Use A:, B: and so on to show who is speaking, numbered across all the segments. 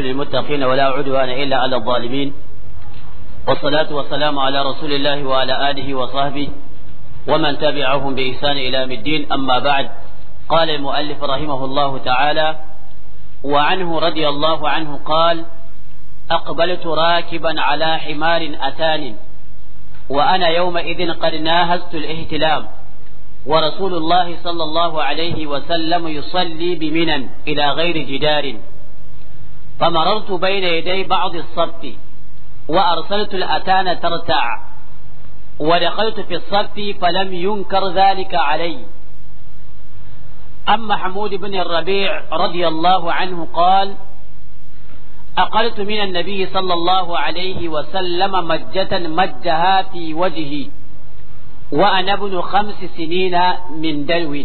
A: للمتقين ولا عدوان إلا على الظالمين والصلاة والسلام على رسول الله وعلى آله وصحبه ومن تبعهم بإحسان إلى الدين أما بعد قال المؤلف رحمه الله تعالى وعنه رضي الله عنه قال أقبلت راكبا على حمار أتان وأنا يومئذ قد ناهزت الاهتلام ورسول الله صلى الله عليه وسلم يصلي بمنن إلى غير جدار فمررت بين يدي بعض الصف وأرسلت الأتان ترتع ودخلت في الصف فلم ينكر ذلك علي أما حمود بن الربيع رضي الله عنه قال أقلت من النبي صلى الله عليه وسلم مجة مجها في وجهي وأنا ابن خمس سنين من دلو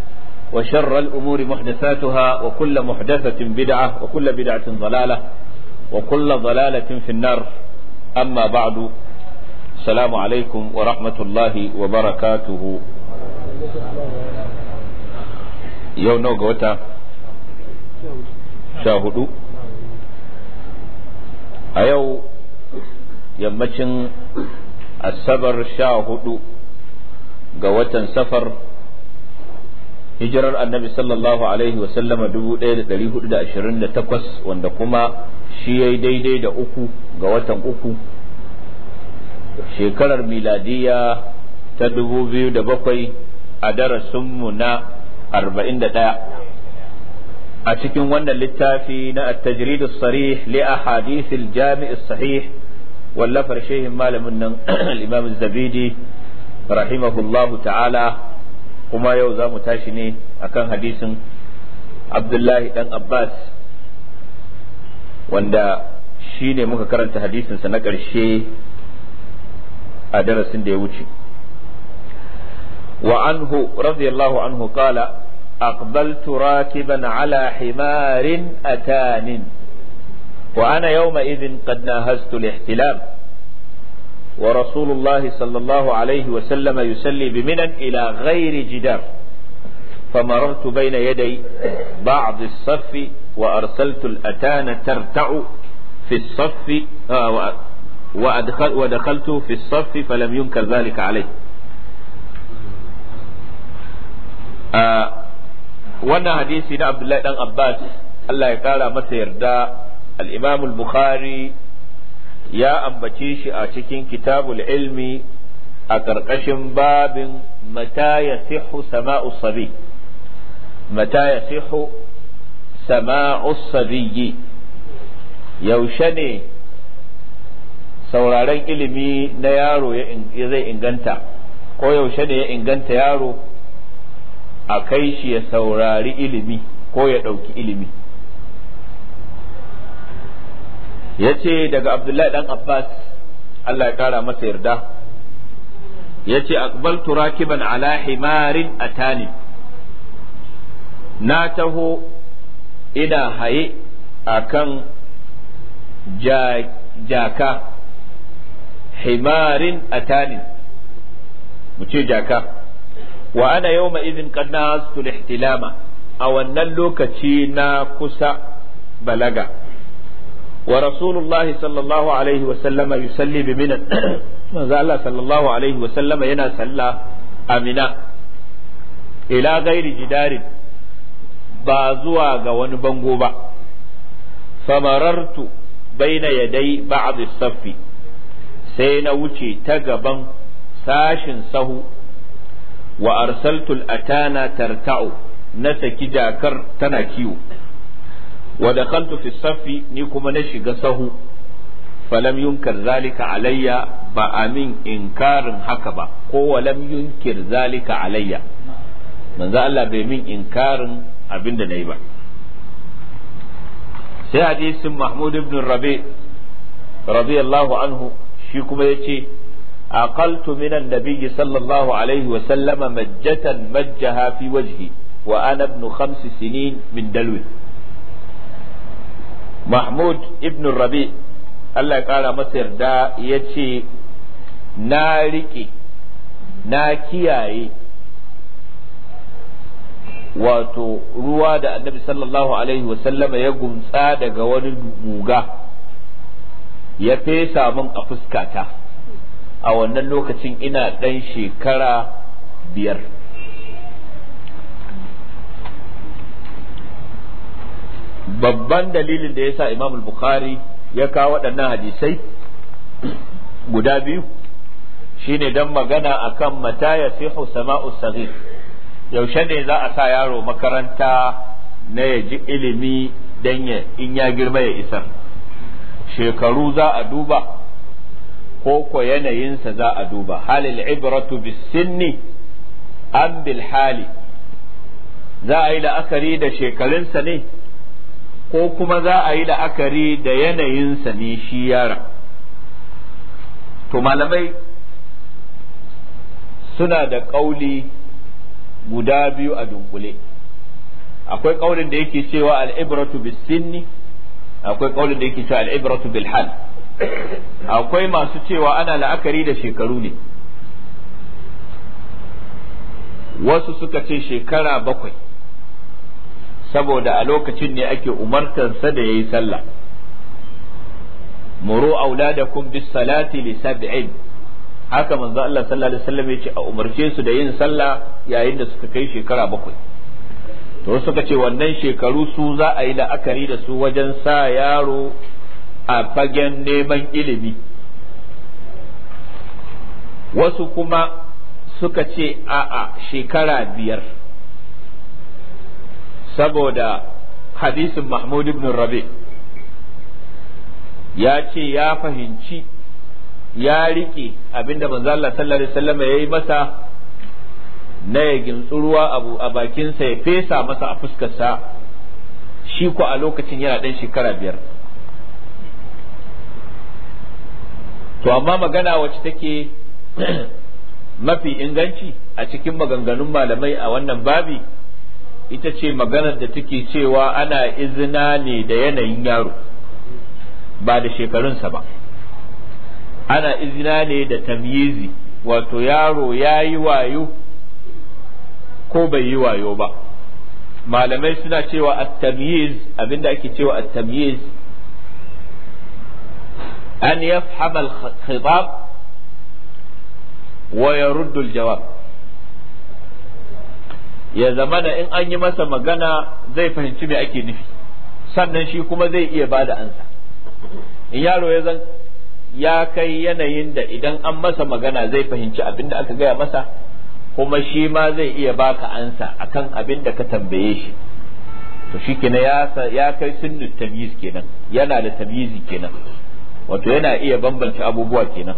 A: وشر الأمور محدثاتها وكل محدثة بدعة وكل بدعة ضلالة وكل ضلالة في النار أما بعد السلام عليكم ورحمة الله وبركاته يوم نوغوتا شاهدوا أيو يمتشن السبر شاهدوا قوة سفر hijirar annabi sallallahu alaihi wa sallama 1428 wanda kuma shi yayi daidai da uku ga watan uku shekarar miladiya ta 2007 a darasinmu na 41 a cikin wannan littafi na at-tajrid as-sarih li ahadith al-jami' as-sahih wallafar shehin malamin nan al-imam az-zabidi rahimahullahu ta'ala kuma yau za mu tashi ne akan hadisin abdullahi dan abbas wanda shi ne muka karanta hadisinsa na ƙarshe a darasin da ya wuce وعنه رضي الله عنه قال أقبلت راكبا على حمار أتان وأنا يومئذ قد ناهزت الاحتلام ورسول الله صلى الله عليه وسلم يسلي بمنى إلى غير جدار فمررت بين يدي بعض الصف وأرسلت الأتان ترتع في الصف آه وأدخل ودخلت في الصف فلم ينكر ذلك عليه آه وانا حديثي عبد الله بن عباس الله يقال متى يردى الإمام البخاري ya ambace shi a cikin kitabul ilmi a ƙarƙashin babin mata ya sihu sama'u sabi mata ya sihu sama'u sabiyyi yaushe ne sauraren ilimi na yaro ya zai inganta ko yaushe ne ya inganta yaro a kai shi ya saurari ilimi ko ya ɗauki ilimi yace daga abdullahi dan abbas Allah ya kara masa yarda yace aqbaltu rakiban ala himarin atani na taho ina haye akan jaka himarin atani mu ce jaka wa ana yawma idin qad nastu a wannan lokaci na kusa balaga ورسول الله sallallahu alaihi wa sallama yana salla amina ila gairi jidarin ba zuwa ga wani bango ba famarartu baina yadai ba'd saffi sai na wuce ta gaban sashin sahu wa arsaltu al-atana tarta'u na saki jakar tana kiwo wa dakhaltu fi saffi ni kuma na shiga sahu falam yunkar zalika alayya ba a amin inkarin haka ba ko walam yunkir zalika alayya manzo Allah bai min inkarin abinda nayi ba sai hadisin Mahmud ibn Rabi radiyallahu anhu shi kuma ya ce min an-nabiy sallallahu alaihi wa sallama majjatan majjaha fi wajhi wa ana ibn khams sinin min dalwi mahmud ibn rabi Allah ya kara masa yarda ya ce na riƙe na kiyaye wato ruwa da annabi sallallahu alaihi wasallama ya gumtsa daga wani guga ya fesa min a fuskata a wannan lokacin ina ɗan shekara biyar babban dalilin da ya sa Imam Bukhari ya kawo waɗannan hadisai guda biyu shine dan magana akan mata sihu sama'u saghir yaushe ne za a sa yaro makaranta na ya ji ilimi dan ya in ya girma ya isar shekaru za a duba ko ko yanayinsa za a duba halil ibratu bis sinni an bil hali za a yi la'akari da shekarunsa ne ko kuma za a yi la'akari da yanayinsa ne shi yara to malamai suna da ƙauli guda biyu a dunkule akwai ƙaulin da yake cewa al'ibratu bis akwai ƙaulin da yake cewa al'ibratu bil akwai masu cewa ana la'akari da shekaru ne wasu suka ce shekara bakwai saboda a lokacin ne ake umartansa da yayi sallah muru auladakum bis salati li sab'in haka manzo Allah sallallahu alaihi wasallam yace a umarce su da yin sallah yayin da suka kai shekara bakwai to suka ce wannan shekaru su za a yi la'akari da su wajen sa yaro a fagen neman ilimi wasu kuma suka ce a'a shekara biyar saboda hadisin mahmud ibn rabi ya ce ya fahimci ya rike abinda manzo Allah sallallahu alaihi ya yi masa na ya gintsu abu a bakinsa ya fesa masa a fuskarsa shi ko a lokacin yana ɗan shekara biyar to amma magana wacce take mafi inganci a cikin maganganun malamai a wannan babi ita ce maganar da take cewa ana izina ne da yanayin yaro ba da shekarunsa ba ana izina ne da tamyizi wato yaro ya yi wayo ko bai yi wayo ba malamai suna cewa at-tamyiz abinda ake cewa a tamyiz an yafhamal al-khitab wa yaruddu jawab ya zama da in an yi masa magana zai fahimci me ake nufi sannan shi kuma zai iya ba da ansa in yaro ya zan ya kai yanayin da idan an masa magana zai fahimci abin da aka gaya masa kuma shi ma zai iya baka ansa akan abin da ka tambaye shi to shi kina ya kai sunnu tamyiz kenan yana da tamyizi kenan wato yana iya bambance abubuwa kenan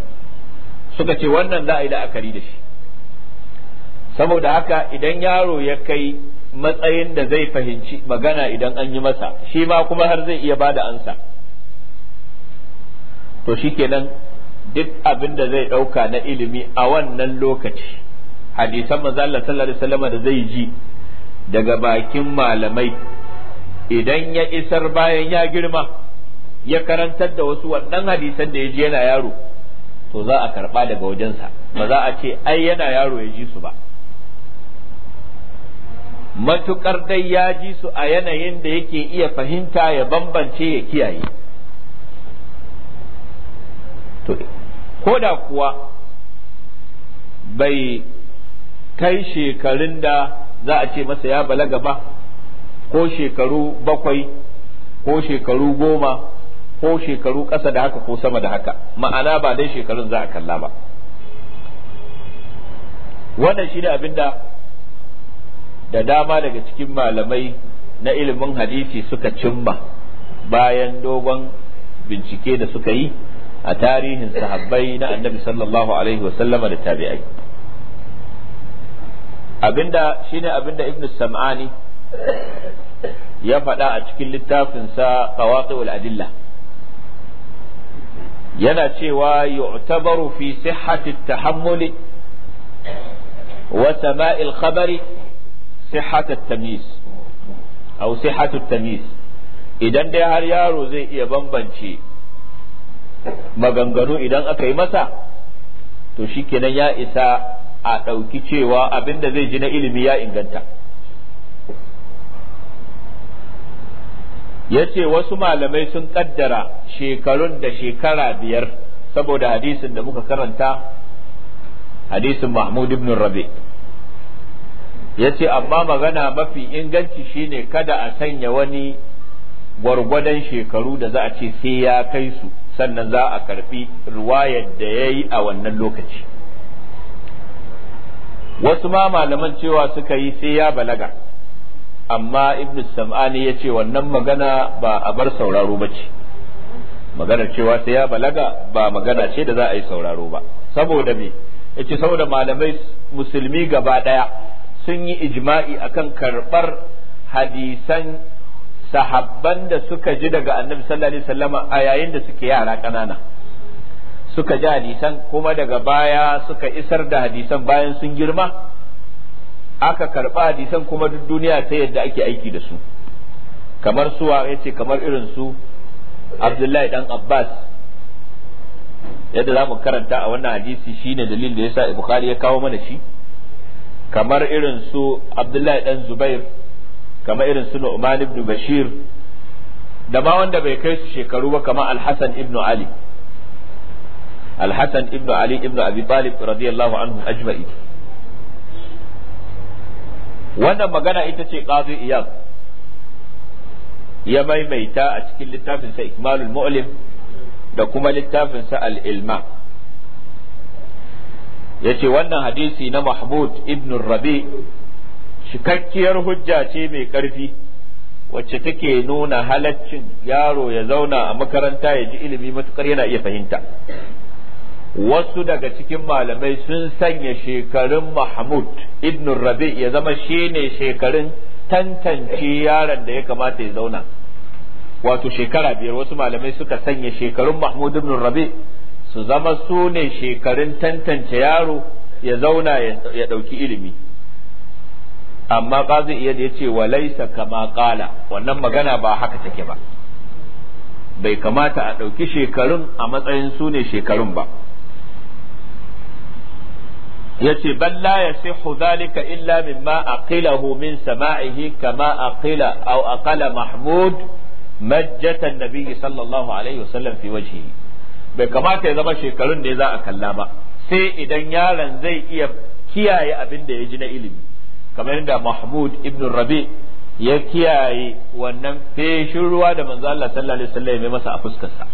A: suka ce wannan za a yi la'akari da shi saboda haka idan yaro ya kai matsayin da zai fahimci magana idan an yi masa shi ma kuma har zai iya bada ansa to shi shikenan duk abin da zai ɗauka na ilimi a wannan lokaci hadisan manzala sallallahu alaihi wasallam da zai ji daga bakin malamai idan ya isar bayan ya girma ya karantar da wasu wannan hadisan da ya ji yana yaro to za a karba daga wajensa ba za a ce ai yana yaro ya ji su ba matukar dai ya ji su a yanayin da yake iya fahimta ya bambance ya kiyaye to koda kuwa bai kai shekarun da za a ce masa ya balaga ba ko shekaru bakwai ko shekaru goma ko shekaru ƙasa da haka ko sama da haka ma'ana ba dai shekarun za a kalla ba wannan shi ne abinda da dama daga cikin malamai na ilimin hadisi suka cimma bayan dogon bincike da suka yi a tarihin sahabbai na annabi sallallahu alaihi wasallama da tabi'ai abinda shine abinda ibnu sam'ani ya faɗa a cikin littafinsa qawaqi'ul adilla yana cewa yu'tabaru fi sihhati at-tahammuli wa sama'il khabari sihhatat tamyiz aw sihhatut tamyiz idan dai har yaro zai iya bambance maganganu idan aka yi masa to shikenan ya isa a ɗauki cewa abinda zai ji na ilimi ya inganta ya ce wasu malamai sun ƙaddara shekarun da shekara biyar saboda hadisin da muka karanta hadisin mahmud ibn rabi' ya ce amma magana mafi inganci shine kada a sanya wani gwargwadon shekaru da za a ce sai ya kai su sannan za a karfi ruwayar da ya yi a wannan lokaci wasu ma malaman cewa suka yi sai ya balaga amma ibn sam'ani ya ce wannan magana ba a bar sauraro ba ce maganar cewa sai ya balaga ba magana ce da za a yi sauraro ba saboda me ce saboda malamai musulmi gaba ɗaya. sun yi ijma'i akan karɓar hadisan sahabban da suka ji daga annabi sallallahu alaihi wasallama a yayin da suke yara ƙanana suka ji hadisan kuma daga baya suka isar da hadisan bayan sun girma aka karba hadisan kuma duk duniya ta yadda ake aiki da su kamar suwa ya ce kamar irin su abdullahi dan abbas yadda za mu karanta a wannan hadisi shine dalilin da yasa bukhari ya kawo mana shi kamar irin su abdullahi dan zubair kamar irin su nu'man ibn bashir da ma wanda bai kai su shekaru ba kamar alhassan ibn ali alhassan ibn ali ibn abi talib radiyallahu anhu ajma'i wannan magana ita ce qadi iyad ya maimaita a cikin littafinsa ikmalul mu'lim da kuma littafinsa al-ilma yace wannan hadisi na mahmud ibn rabi cikakkiyar hujja ce mai ƙarfi wacce take nuna halaccin yaro ya zauna a makaranta ya ji ilimi matukar yana iya fahimta wasu daga cikin malamai sun sanya shekarun mahmud ibn rabi ya zama shi ne shekarun tantance yaron da ya kamata ya zauna wato shekara biyar wasu malamai suka sanya shekarun mahmud ibn rabi' su zama su ne shekarun tantance yaro ya zauna ya ɗauki ilimi amma ƙazi iya da ya ce walaisa kama ƙala wannan magana ba haka take ba bai kamata a ɗauki shekarun a matsayin su ne shekarun ba ya ce balla ya sihu zalika illa mimma aqilahu min sama'ihi kama aqila au aqala mahmud majjatan nabiyyi sallallahu alaihi wasallam fi wajhihi bai kamata ya zama shekarun ne za a kalla ba sai idan yaron zai iya kiyaye abin da ya ji na ilimi kamar yadda mahmud ibn rabi ya kiyaye wannan feshin ruwa da manzo Allah sallallahu alaihi masa a fuskarsa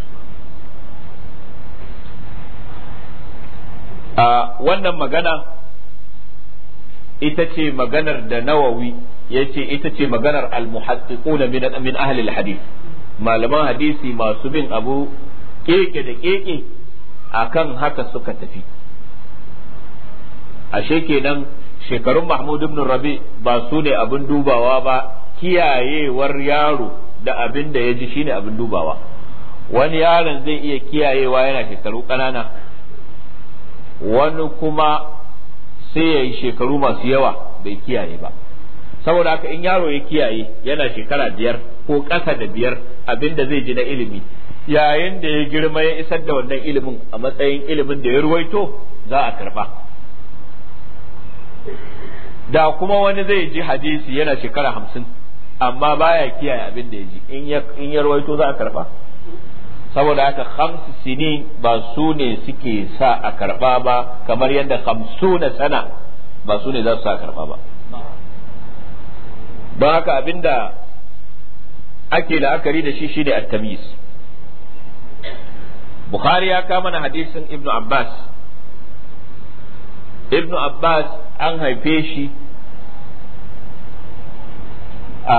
A: a wannan magana ita ce maganar da nawawi ya ce ita ce maganar al-muhaddiquna min ahli al-hadith malaman hadisi masu bin abu keke da keke akan haka suka tafi ashe kenan shekarun mahmud ibn rabi ba su ne abin dubawa ba kiyayewar yaro da abin da ya ji shine abin dubawa wani yaron zai iya kiyayewa yana shekaru ƙanana wani kuma sai ya yi shekaru masu yawa bai kiyaye ba saboda haka in yaro ya kiyaye yana shekara biyar ko ƙasa da biyar abin da zai ji na ilimi yayin da ya girma ya isar da wannan ilimin a matsayin ilimin da ya ruwaito za a karba da kuma wani zai ji hadisi yana shekara hamsin amma baya kiyaye abin da ya ji in ya ruwaito za a karba saboda haka hamsu sini ba su ne suke sa a karba ba kamar yadda hamsu na sana ba su ne za su sa a karba ba don haka abinda ake la'akari da shi shine ne a bukhari ya kama na hadisin Ibn abbas Ibn abbas an haife shi a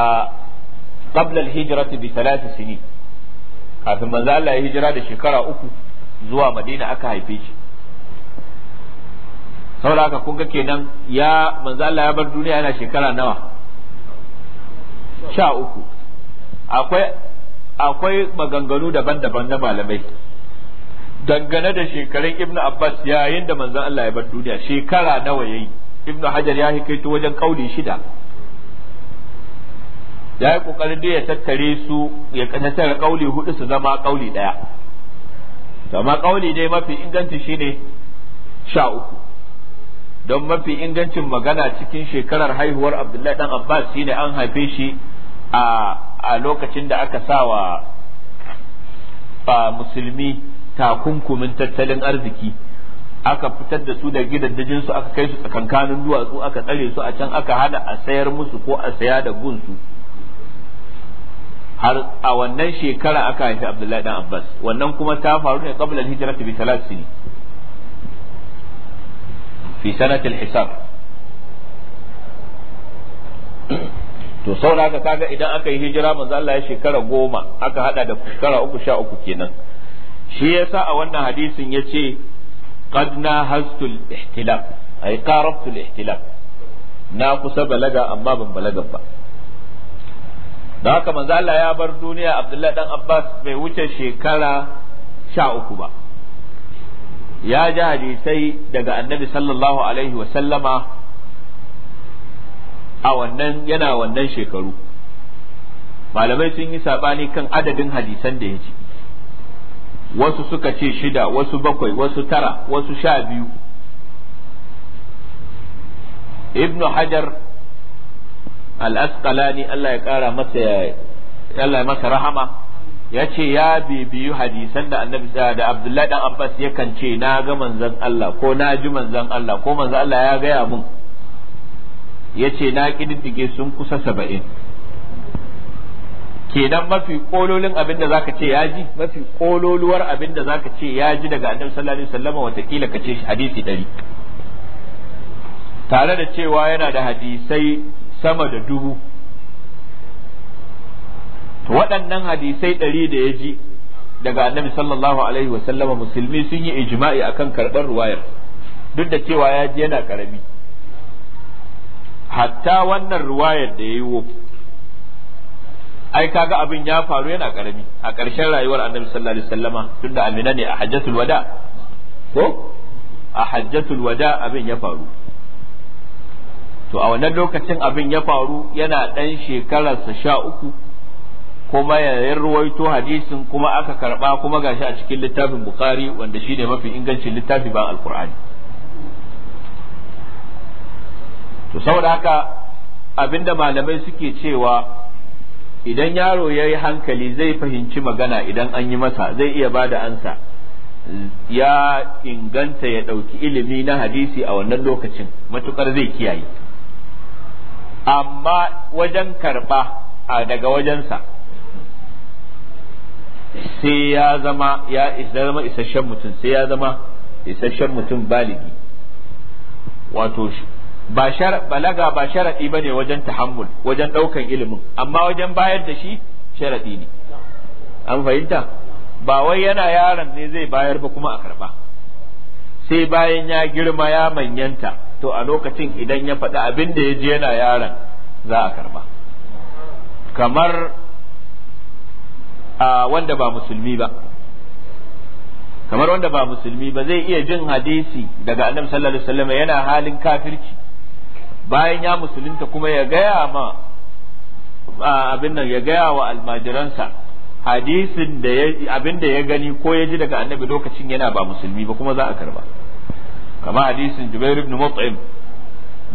A: qabla hijira hijrati bi thalath kafin manzo Allah ya hijira da shekara uku zuwa madina aka haife shi saboda haka kun ga kenan ya manzo Allah ya bar duniya yana shekara nawa sha uku akwai akwai maganganu daban-daban na malamai dangane da shekarun ibn abbas yayin da manzon Allah ya bar duniya shekara nawa yayi ibn hajar ya hikaito wajen kauli shida ya yi kokarin da ya tattare su ya da kauli hudu su zama kauli daya amma kauli dai mafi inganci shine sha uku don mafi ingancin magana cikin shekarar haihuwar abdullahi dan abbas shine an haife shi a lokacin da aka sawa musulmi takunkumin tattalin arziki aka fitar da su da gidaddajin su aka kai su tsakankanin duwatsu aka tsare su a can aka hada a sayar musu ko a saya da gunsu har a wannan shekara aka haifi Abdullahi dan Abbas wannan kuma ta faru ne qabla hijira ta bi thalathini fi sanati al-hisab to saboda haka kaga idan aka yi hijira manzo Allah ya shekara goma aka hada da shekara uku sha uku kenan shi yasa a wannan hadisin yace qad na hastul ihtilaf ay qarabtu ihtilaf na kusa balaga amma ban balaga ba da haka manzo Allah ya bar duniya Abdullahi dan Abbas bai wuce shekara sha uku ba ya ji hadisai daga annabi sallallahu alaihi wa sallama a wannan yana wannan shekaru malamai sun yi sabani kan adadin hadisan da ya ji wasu suka ce shida wasu bakwai wasu tara wasu sha biyu ibnu hajar al-asqalani Allah ya kara masa Allah masa rahama ya ce ya bibiyu hadisan da annabi da abdullahi dan abbas yakan ce na ga manzon Allah ko na ji manzon Allah ko manzon Allah ya gaya mun ya ce na kididdige sun kusa saba'in kenan mafi kololin abin da zaka ce ya ji mafi kololuwar abin da zaka ce ya ji daga annabi sallallahu alaihi wasallam watakila ka ce hadisi dari tare da cewa yana da hadisai sama da dubu waɗannan hadisai ɗari da ya ji daga annabi sallallahu alaihi wasallam musulmi sun yi ijma'i akan karɓar ruwayar duk da cewa ya ji yana karami hatta wannan ruwayar da ya yi ai kaga abin ya faru yana karami a ƙarshen rayuwar annabi sallallahu alaihi wasallama tunda amina ne a hajjatul wada ko a hajjatul wada abin ya faru to a wannan lokacin abin ya faru yana ɗan shekararsa sha uku kuma ya ruwaito hadisin kuma aka karba kuma gashi a cikin littafin bukhari wanda shine mafi ingancin littafi ba alkur'ani to saboda haka abinda malamai suke cewa idan yaro ya yi hankali zai fahimci magana idan an yi masa zai iya ba da ansa ya inganta ya ɗauki ilimi na hadisi a wannan lokacin matukar zai kiyaye amma wajen karɓa a daga wajensa sai ya zama ya zama isasshen mutum sai ya zama isasshen mutum baligi wato ba balaga ba sharadi bane wajen tahammul wajen daukan ilimin amma wajen bayar da shi sharadi ne an fahimta ba wai yana yaron ne zai bayar ba kuma a karba sai bayan ya girma ya manyanta to a lokacin idan ya faɗi abin da ya ji yana yaron za a karba kamar a wanda ba musulmi ba kamar wanda ba musulmi ba zai iya jin hadisi daga annabi sallallahu alaihi wasallam yana halin kafirci bayan ya musulunta kuma ya gaya ma abin nan ya gaya wa almajiransa hadisin da ya abin da ya gani ko ya ji daga annabi lokacin yana ba musulmi ba kuma za a karba kama hadisin Jubair ibn Mut'im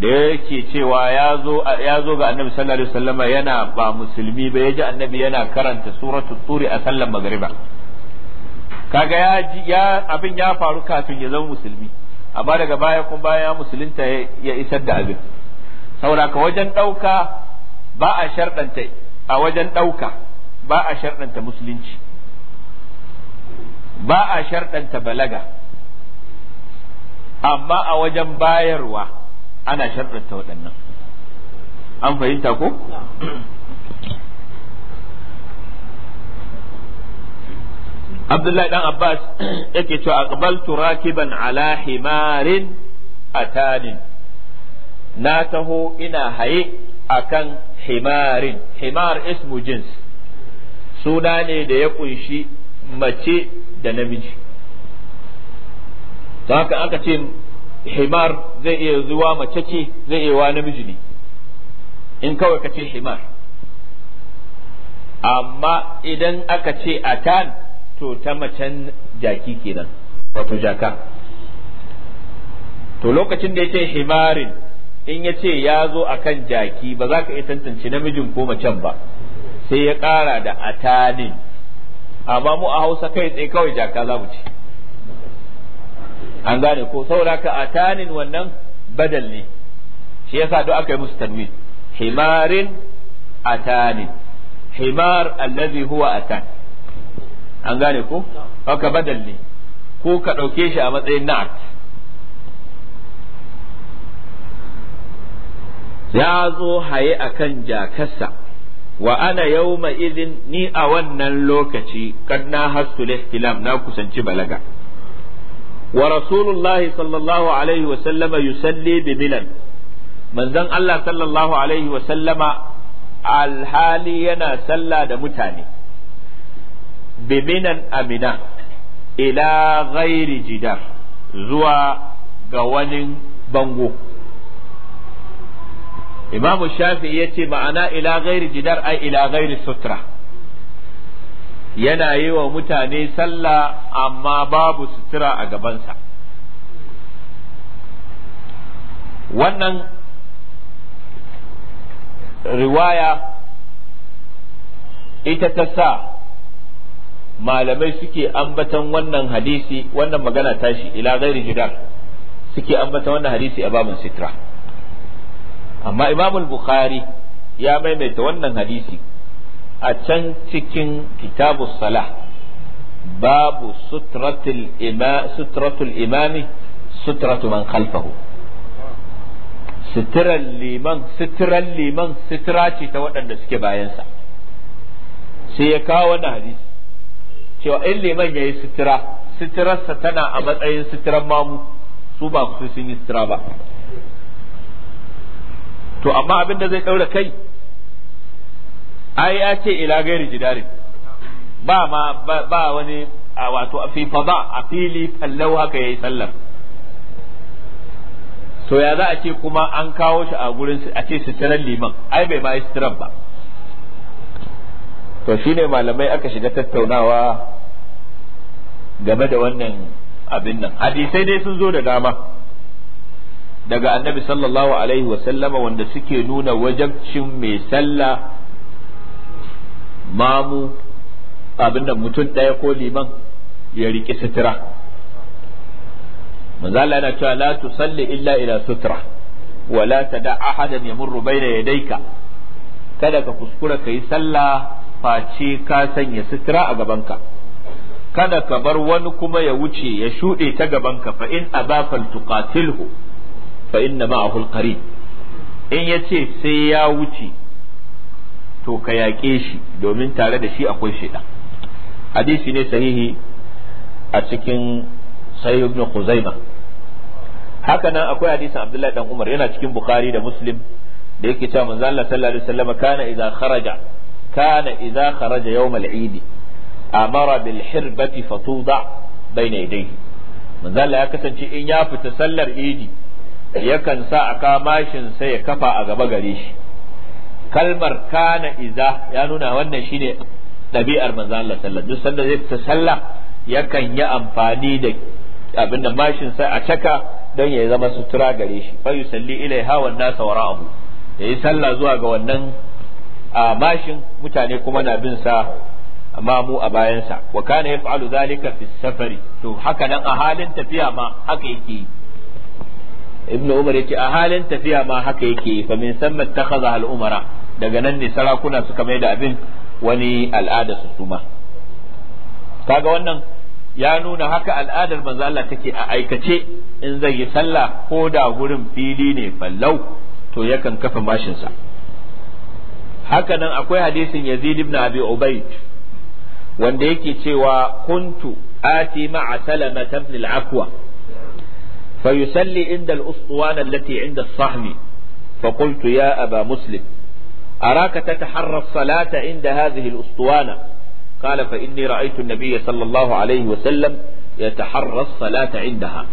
A: da yake cewa ya zo ya zo ga annabi sallallahu alaihi wasallama yana ba musulmi ba ya ji annabi yana karanta suratul turi a sallar magriba kaga ya ji ya abin ya faru kafin ya zama musulmi amma daga baya kuma baya musulunta ya isar da abin sauraka wajen ɗauka ba a sharɗanta a wajen ɗauka ba a sharɗanta musulunci ba a sharɗanta balaga amma a wajen bayarwa ana sharɗanta waɗannan an fahimta ko? Abdullahi dan Abbas yake cewa aqbaltu rakiban ala himarin atanin na taho ina haye akan himarin himar ismu jins suna ne da ya kunshi mace da namiji ta haka aka ce himar zai iya zuwa mace ce zai iya wa namiji ne in kawai ka ce himar amma idan aka ce tan to ta macen jaki kenan wato jaka to lokacin da ya ce himarin in ya ce ya zo a kan jaki ba za ka iya tantance namijin ko macen ba sai ya ƙara da atanin amma mu a hausa kai tsaye kawai jaka za mu ce an gane ko saura ka atanin wannan badal ne shi yasa duk aka yi musu tanwin himarin atanin himar allazi huwa atan an gane ko haka badal ne ko ka ɗauke shi a matsayin na'at ya zo haye akan jakarsa wa ana ma izin ni a wannan lokaci kad na hastu na kusanci balaga wa rasulullahi sallallahu alaihi wa sallama yusalli bi milan manzon Allah sallallahu alaihi wa sallama alhali yana sallah da mutane bi minan amina ila ghairi jidar zuwa ga wani bango imam shafi'i ce ma'ana ila ghairi jidar ai ila ghairi sutra yana yi wa mutane sallah amma babu sutura a gabansa wannan riwaya ita ta sa malamai suke ambatan wannan hadisi wannan magana tashi ila gairi jidar suke ambatan wannan hadisi a babin sutura. amma Imamul bukhari ya maimaita wannan hadisi a can cikin kitabus salah babu suturatul ima sutratul imami sutratu man khalfahu sitiran liman sitiran liman sutura ce ta waɗanda suke bayansa sai ya kawo wannan hadisi cewa in liman ya yi sutura suturarsa tana a matsayin sitiran mamu su ba su sun yi sutura ba to amma abin da zai ɗaura kai ai ya ce ila gairi jidari ba ma ba wani a wato a fifa ba a fili fallau haka ya yi sallar to ya za a ce kuma an kawo shi a gurin a ce sitiran liman ai bai ma yi sitiran ba to shine malamai aka shiga tattaunawa game da wannan abin nan hadisai dai sun zo da dama daga annabi sallallahu alaihi wasallama wanda suke nuna wajabcin mai sallah mamu abinda mutum ɗaya ko liman ya riƙi sutura manzala yana cewa la salli illa ila sutura wa la tada ahadan yamurru ya daika. kada ka kuskura ka yi sallah face ka sanya sutura a gabanka kada ka bar wani kuma ya wuce ya shuɗe ta gabanka fa in aba fal fa inna ma'ahu alqarib in yace sai ya wuce to ka yaƙe shi domin tare da shi akwai shaidan hadisi ne sahihi a cikin sahih ibn khuzaima haka nan akwai hadisin abdullahi dan umar yana cikin bukhari da muslim da yake cewa manzo Allah sallallahu alaihi wasallam kana idza kharaja kana idza kharaja yawm al-eid amara bil hirbati fatuda bayna yadayhi manzo Allah ya kasance in ya fita sallar idi yakan sa a kamashin sai ya kafa a gaba gare shi kalmar kana iza ya nuna wannan shine ɗabi'ar manzo Allah sallallahu duk sanda zai ta sallah yakan yi amfani da abin da mashin sai a caka don ya zama sutura gare shi fa yusalli ilaiha wan nas wara'ahu yayi sallah zuwa ga wannan a mashin mutane kuma na bin sa mamu a bayansa wa kana yaf'alu dhalika fi safari to haka nan a halin tafiya ma haka yake yi ibnu umar yace a halin tafiya ma haka yake fa min samma takhadha al umara daga nan ne sarakuna suka mai da abin wani al'ada su suma kaga wannan ya nuna haka al'adar manzo Allah take a aikace in zai yi sallah ko da gurin fili ne fallau to yakan kafa mashinsa haka nan akwai hadisin Yazid ibn Abi Ubayd wanda yake cewa kuntu ati ma'a Salama ibn al-Aqwa فيسلي عند الأسطوانة التي عند الصحن فقلت يا أبا مسلم أراك تتحرى الصلاة عند هذه الأسطوانة قال فإني رأيت النبي صلى الله عليه وسلم يتحرى الصلاة عندها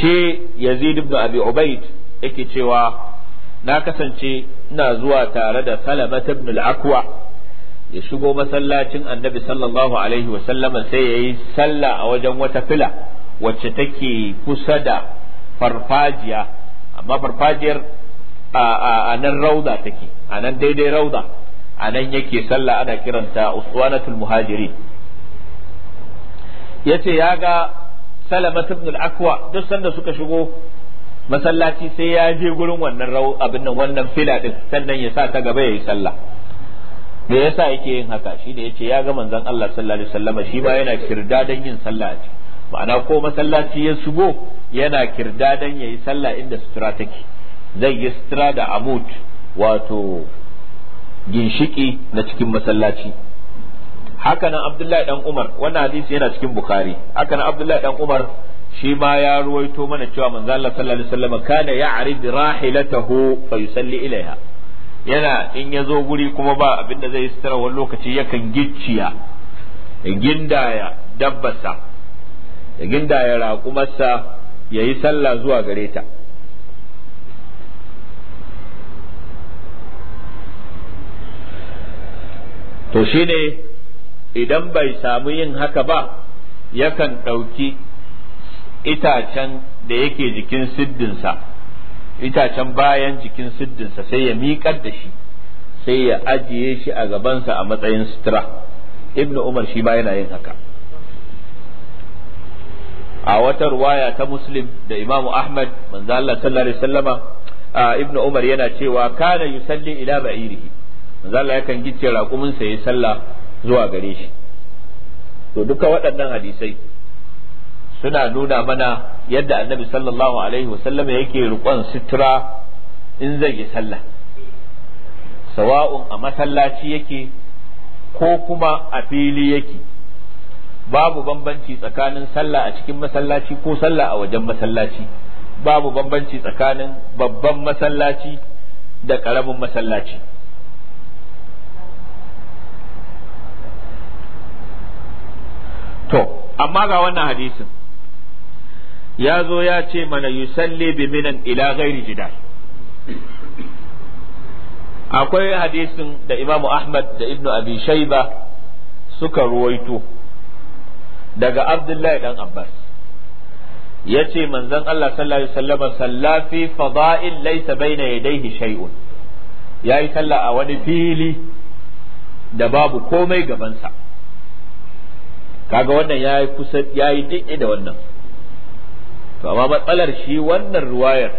A: شيء يزيد بن أبي عبيد إكي تشوى ناكسا شيء نازوى تارد سلمة بن الأكوع ya shigo masallacin annabi sallallahu alaihi wasallam sai ya yi sallah a wajen wata fila wacce take kusa da farfajiya amma farfajiyar a nan rauda take a nan daidai rauda a nan yake sallah ana kiranta uswanatul muhajiri yace ya ga salamat ibn al-akwa duk sanda suka shigo masallaci sai ya je gurin wannan rau abin nan wannan fila din sannan ya sa ta gaba yayi sallah me yasa yake yin haka shi da yace ya ga manzon Allah sallallahu alaihi wasallam shi ba yana kirda dan yin sallah ma'ana ko masallaci ya shigo yana kirdadan yayi sallah inda sutura take zai yi sutura da amut wato ginshiki na cikin masallaci hakanan abdullahi dan umar wannan hadisi yana cikin bukhari hakanan abdullahi dan umar shi ma ya ruwaito mana cewa manzo Allah sallallahu alaihi wasallam kana ya'rid rahilatahu fa yusalli ilaiha yana in ya zo guri kuma ba abinda zai yi sutura wani lokaci yakan gicciya gindaya dabbasa ya ginda ya raƙumarsa ya yi sallah zuwa gare ta to ne idan bai samu yin haka ba yakan ɗauki itacen da yake jikin siddinsa itacen bayan jikin siddinsa sai ya miƙar da shi sai ya ajiye shi a gabansa a matsayin sutura ibnu umar shi ba yana yin haka a wata ruwaya ta muslim da imamu ahmad manzo Allah sallallahu alaihi wasallama ibnu umar yana cewa kana yusalli ila ba'irihi manzo Allah yakan gice raƙumin sa yayin sallah zuwa gare shi to duka waɗannan hadisai suna nuna mana yadda annabi sallallahu alaihi wasallama yake riƙon sutura in zai yi sallah sawa'un a masallaci yake ko kuma a fili yake babu bambanci tsakanin sallah a cikin masallaci ko sallah a wajen masallaci babu bambanci tsakanin babban masallaci da karamin masallaci to amma ga wannan hadisin ya zo ya ce mana yusalli bi minan ila ghairi jidal akwai hadisin da imamu ahmad da ibnu abi shaiba suka ruwaito daga abdullahi dan abbas ya ce manzon allah sallallahu alaihi wasallam sallafi fada'il laysa baina yadayhi shay'un yayi talla a wani fili da babu komai gabansa kaga wannan yayi kusa yayi dike da wannan to amma matsalar shi wannan ruwayar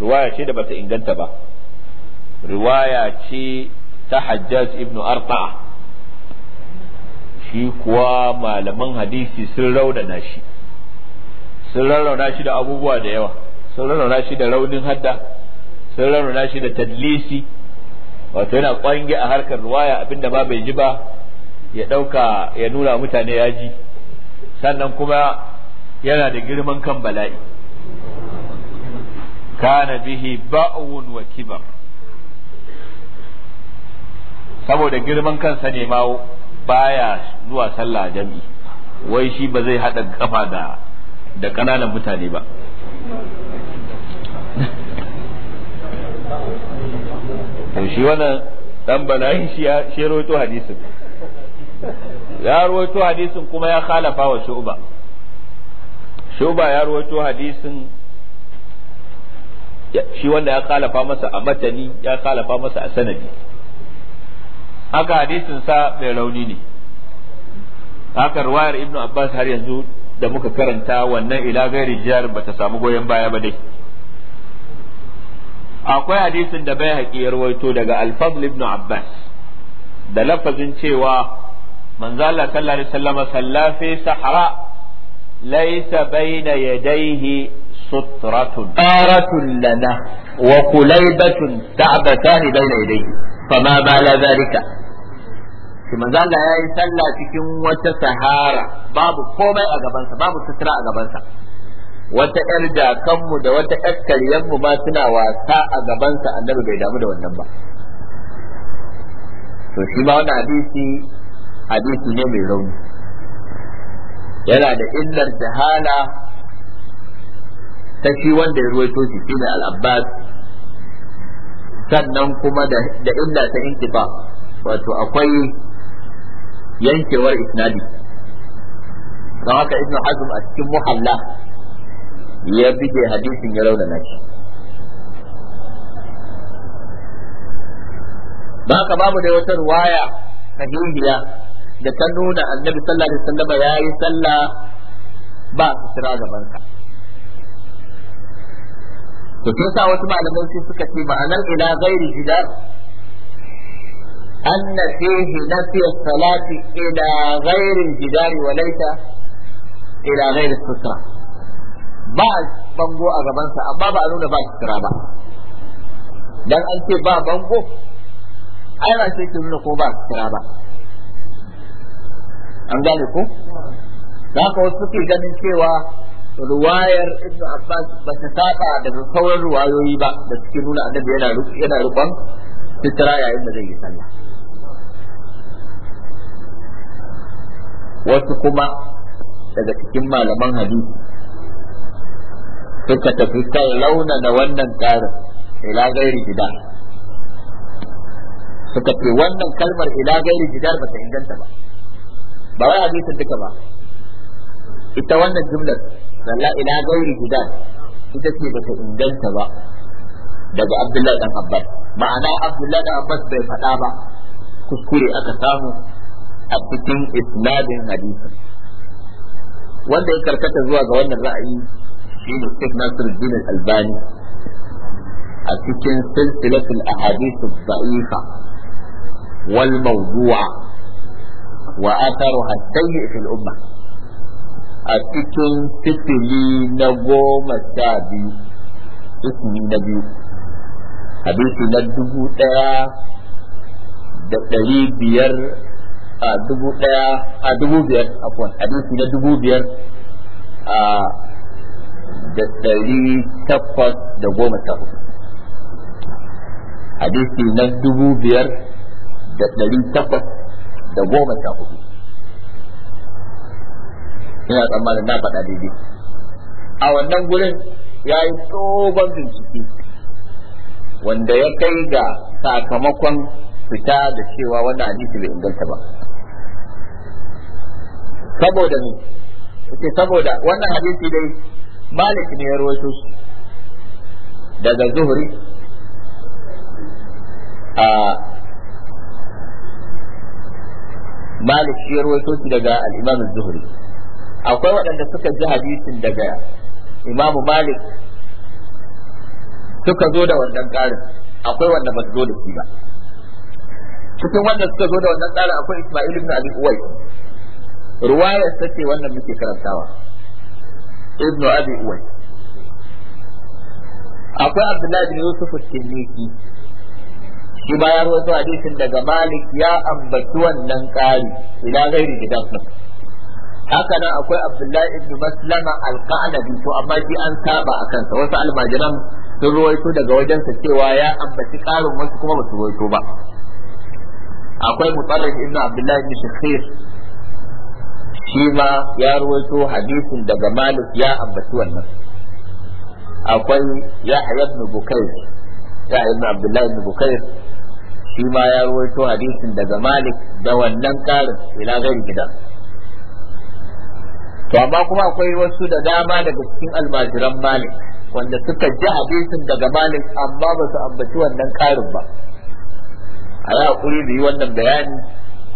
A: ruwaya ce da bata inganta ba ruwaya ce ta Hajjaj Ibnu Arta'a shi kuwa malaman hadisi sun raunana shi sun raunana shi da abubuwa da yawa sun raunana shi da raunin hadda sun raunana shi da tadlisi wato yana kwange a harkar ruwaya abinda ba bai ji ba ya ɗauka ya nuna mutane ya ji sannan kuma yana da girman kan bala'i kana bihi ba'un wa kibar saboda girman kansa ne mawo baya zuwa sallah jam'i wai shi ba zai haɗa kafa da da ƙananan mutane ba to shi wannan dan bala'i shi ya to hadisin ya rawaito hadisin kuma ya khalafa wa shu'ba shu'ba ya rawaito hadisin shi wanda ya khalafa masa a matani ya khalafa masa a sanadi haka hadisin sa mai rauni ne haka ruwayar ibnu abbas har yanzu da muka karanta wannan ila gairi ba ta samu goyon baya ba dai akwai hadisin da bai haƙi rawaito daga alfadl ibn abbas da lafazin cewa manzo Allah sallallahu alaihi wasallam sallafi sahara laysa baina yadayhi sutratun aratun lana wa kulaybatun ta'batani baina yadayhi fama la zalika shi manzo Allah
B: yayi sallah cikin wata sahara babu komai a gabansa babu sutura a gabansa wata yar jakanmu da wata yar karyanmu ma suna wasa a gabansa annabi bai damu da wannan ba to shi ma wannan hadisi hadisi ne mai rauni yana da illar jahala ta shi wanda ya ruwaito shi ne al-Abbas sannan kuma da illa ta inkifa wato akwai yankewar isnadi don haka ibnu hazm a cikin muhalla ya bige hadisin ya raunana shi ba ka babu da wata ruwaya sahihiya da ta nuna annabi sallallahu alaihi wasallam ya yi sallah ba sutura gabansa to sun sa wasu malamai sai suka ce ma'anar ila ghairi jidar anna fihi nafiy salati ila ghairi jidar wa laysa ila ghairi sutra ba bango a gaban sa amma ba a nuna ba sutra ba dan an ce ba bango ai ba sai kin nuna ko ba sutra ba an gane ko da ka wasu suke ganin cewa ruwayar ibnu abbas ba ta saba daga sauran ruwayoyi ba da suke nuna annabi yana yana rukon fitra yayin da zai yi sallah wasu kuma daga cikin malaman hadisi suka tafi kan launa da wannan ƙarin ila gairi gida, suka ce wannan kalmar ila gairi gida ba ta inganta ba ba wai hadisin duka ba ita wannan jumlar dalla ila gairi guda ita ce bata inganta ba daga Abdullahi dan Abbas ma'ana Abdullahi dan Abbas bai faɗa ba kuskure aka samu a cikin isnadin hadisi wanda ya karkata zuwa ga wannan ra'ayi shine Sheikh Nasiruddin albani a cikin silsilatul ahadith ad-da'ifa wal mawdu'a wa atharuha sayyi fil ummah a cikin sifili na goma sha biyu sifili na biyu hadisi na dubu ɗaya da ɗari biyar a dubu ɗaya a dubu biyar akwai hadisi na dubu biyar a da ɗari takwas da goma sha hudu hadisi na dubu biyar da ɗari takwas da goma sha hudu ina tsammanin na faɗa daidai a wannan gurin ya yi tsohon bincike wanda ya kai ga sakamakon fita da cewa wannan hadisi bai inganta ba saboda ne ke saboda wannan hadisi dai malik ne ya rawaito shi daga zuhri a malik ya rawaito shi daga al'imamin zuhri akwai waɗanda suka ji hadisin daga Imam Malik suka zo da wannan ƙarin akwai wanda ba su zo da shi ba cikin wanda suka zo da wannan ƙarin akwai Isma'il ibn Abi Uwai ruwaya ta ce wannan muke karantawa ibn Abi Uwai akwai Abdullahi bin Yusuf al-Tirmidhi shi ba ya rawaito hadisin daga Malik ya ambaci wannan ƙari ila gairi gidan haka nan akwai abdullahi ibn maslama al to amma shi an saba a kansa wasu almajiran sun ruwaito daga wajensa cewa ya ambaci karin wasu kuma ba su ruwaito ba akwai mutarrif ibn abdullahi ibn shakhir shi ma ya ruwaito hadisin daga malik ya ambaci wannan akwai yahya ibn bukayr ya ibn abdullahi ibn bukayr shi ma ya ruwaito hadisin daga malik da wannan karin ila gari gidan to amma kuma akwai wasu da dama daga cikin almajiran malik wanda suka ji hadisin daga malik amma ba su ambaci wannan karin ba a ya kuri da yi wannan bayani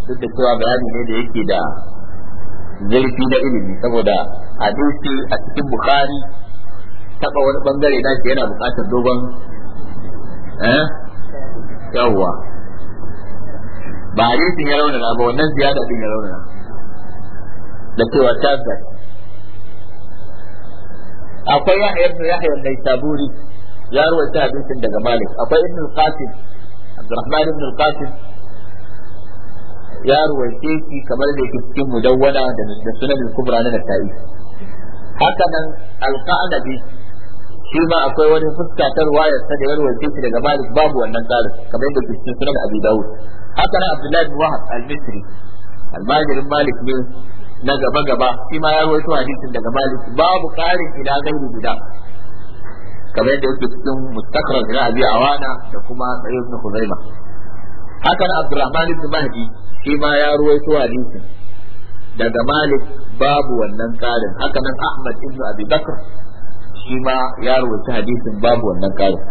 B: duk da cewa bayani ne da yake da zarfi na ilimi saboda hadisi a cikin bukari taba wani bangare na ke yana bukatar dogon eh? yawwa ba hadisin ya raunana ba wannan ziyada din ya raunana da cewa tabbas akwai Yahya ibn Yahya al-Naisaburi ya rawaita abincin daga Malik akwai Ibn al-Qasim Abdurrahman ibn al-Qasim ya ruwaice shi kamar da yake cikin mudawwana da sunan al-kubra na Nasa'i haka nan al-Qanabi shi ma akwai wani fuska ta ruwayar sa da ya ruwaice shi daga Malik babu wannan tsarin kamar da cikin sunan Abi Dawud haka nan Abdullahi ibn Wahab al-Misri al-Majirin Malik ne na gaba gaba shi ma ya rawaito hadisin daga Malik babu qarin ila gairi guda kamar yadda yake cikin mustakhraj na Abi Awana da kuma Sayyid ibn Khuzaimah hakan Abdurrahman ibn Mahdi shi ma ya rawaito hadisin daga Malik babu wannan qarin haka nan Ahmad ibn Abi Bakr shi ma ya rawaito hadisin babu wannan qarin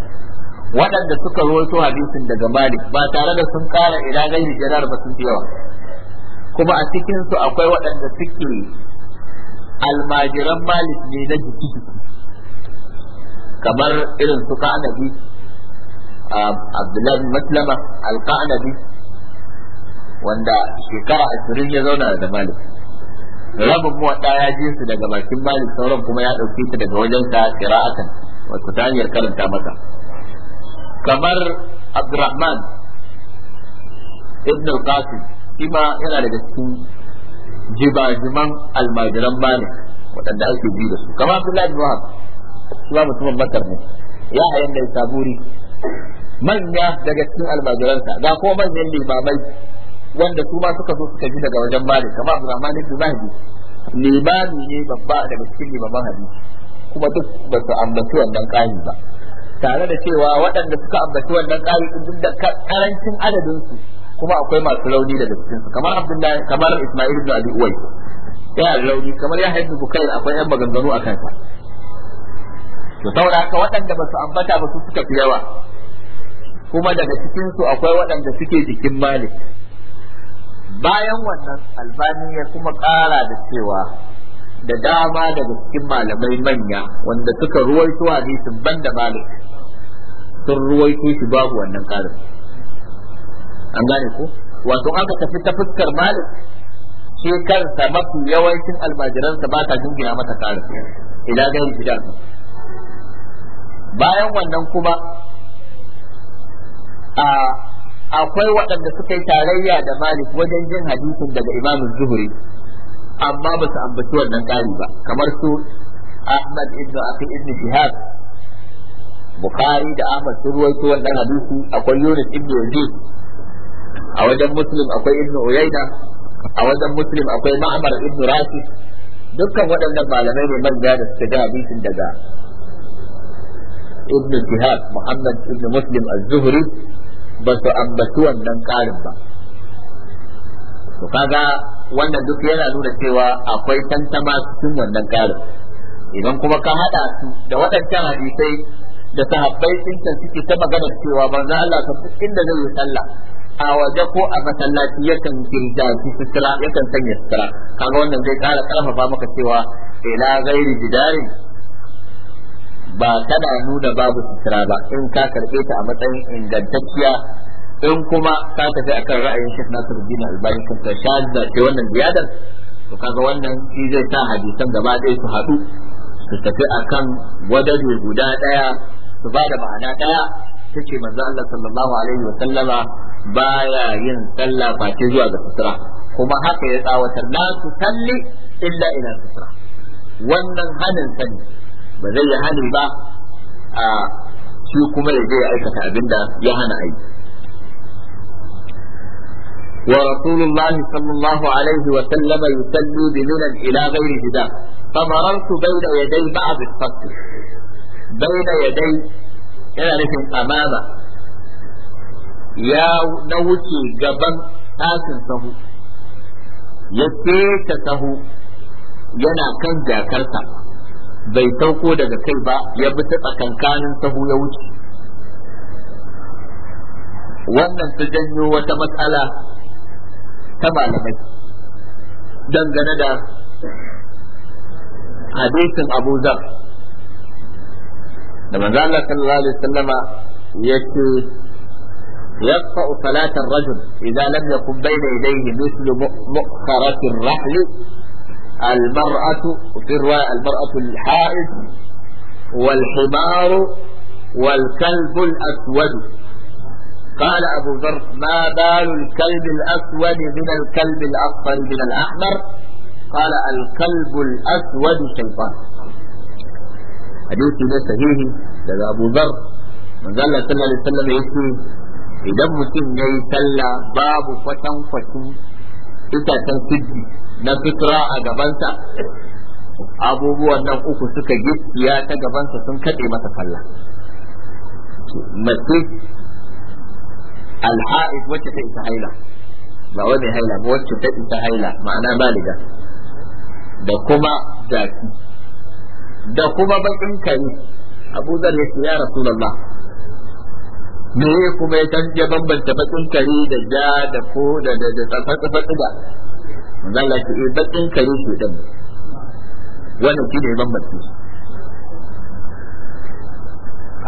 B: waɗanda suka rawaito hadisin daga Malik ba tare da sun ƙara ila gairi jarar ba sun yawa kuma a cikin su akwai waɗanda suke almajiran malik ne na jiki kamar irin su ka'anabi abdullahi maslama alka'anabi wanda shekara ashirin ya zauna da malik rabin mu muwaɗa ya je su daga bakin malik sauran kuma ya ɗauke su daga wajen ta kira'atan wato ta hanyar karanta masa kamar abdurrahman ibn al-qasim shi ma yana daga cikin jibajiman almajiran malik waɗanda ake bi da su kamar su bin wahab su ma mutumin makar ne ya hayan da saburi manya daga cikin almajiransa ga kuma manyan limamai wanda su ma suka zo suka ji daga wajen malik kamar abdurrahman su mahdi limami ne babba daga cikin limaman hadi kuma duk ba su ambaci wannan ƙari ba tare da cewa waɗanda suka ambaci wannan ƙari duk da karancin adadinsu kuma akwai masu rauni daga cikin su kamar Abdullahi kamar Isma'il ibn Abi Uwais ya rauni kamar ya haifi Bukair akwai yan maganganu a kansa to saboda haka waɗanda ba su ambata ba su suka fi yawa kuma daga cikinsu akwai waɗanda suke jikin Malik bayan wannan albani ya kuma ƙara da cewa da dama daga cikin malamai manya wanda suka ruwaito hadisin banda Malik sun ruwaito shi babu wannan ƙarin an gane ko wato aka tafi ta fuskar malik shi kansa mafi yawancin almajiransa ba ta jingina mata kare ila ga hijjar bayan wannan kuma a akwai waɗanda suka yi tarayya da malik wajen jin hadisin daga imamin zuhri amma ba su ambaci wannan ƙari ba kamar su ahmad ibn akhi ibn jihad bukhari da ahmad sun ruwaito wannan hadisi akwai yunus ibn yazid a wajen muslim akwai ibnu uyayna a wajen muslim akwai ma'mar ibnu rafi dukkan waɗannan malamai ne manya da suka ga hadisin daga ibnu jihad muhammad ibnu muslim az-zuhri ba su ambaci wannan ƙarin ba to kaga wannan duk yana nuna cewa akwai tantama cikin wannan ƙarin idan kuma ka haɗa su da waɗancan hadisai da sahabbai sun suke ta magana cewa banza Allah ka inda zai yi sallah a waje ko a masallaci yakan girgaji sutura yakan sanya sutura kaga wannan zai ƙara ƙarfafa maka cewa ila gairi jidarin ba tana nuna babu sutura ba in ka karbe ta a matsayin ingantacciya in kuma ka tafi akan ra'ayin Sheikh Nasiruddin Albani kan ta shahada ce wannan ziyadar to kaga wannan shi zai sa hadisan gaba ɗaya su haɗu su tafi akan wadadu guda ɗaya su ba da ma'ana ɗaya take manzo Allah sallallahu alaihi wa sallama baya yin sallah face zuwa ga sutura kuma haka ya tsawatar la su salli illa ila sutura wannan hanin sani ba zai yi hani ba a shi kuma ya je ya aikata da ya hana aiki ورسول الله صلى الله عليه وسلم يصلي بمنى إلى غير حجاب فمررت بين يدي بعض الصف بين يدي yana nufin amama ya na wuce gaban ɗakin sahu ya ta sahu yana kan jakarta bai sauko daga kai ba ya bi ta tsakankanin sahu ya wuce wannan ta janyo wata matsala ta malamai dangane da hadisin abu zar da manzo Allah sallallahu alaihi wasallama ce. يقطع صلاة الرجل إذا لم يكن بين يديه مثل مؤخرة الرحل المرأة في الرواية المرأة الحائض والحمار والكلب الأسود قال أبو ذر ما بال الكلب الأسود من الكلب الأصفر من الأحمر قال الكلب الأسود شيطان حديث صحيح لدى أبو ذر من قال صلى الله عليه وسلم يقول idan mutum ya yi sallah babu kwatan kwatin itacen siddi na sutura a gabansa abubuwan nan uku suka giftiya ta gabansa sun kaɗe masa sallah mace alha'id wacce ta isa haila ba wani haila ba wacce ta isa haila ma'ana baliga da kuma jaki da kuma bakin kare abu zar ya ce ya me kuma ya canja bambanta bakin kare da ja da ko da da da tsatsa Allah ya ce eh, bakin kare shi dan wannan shi ne bambanta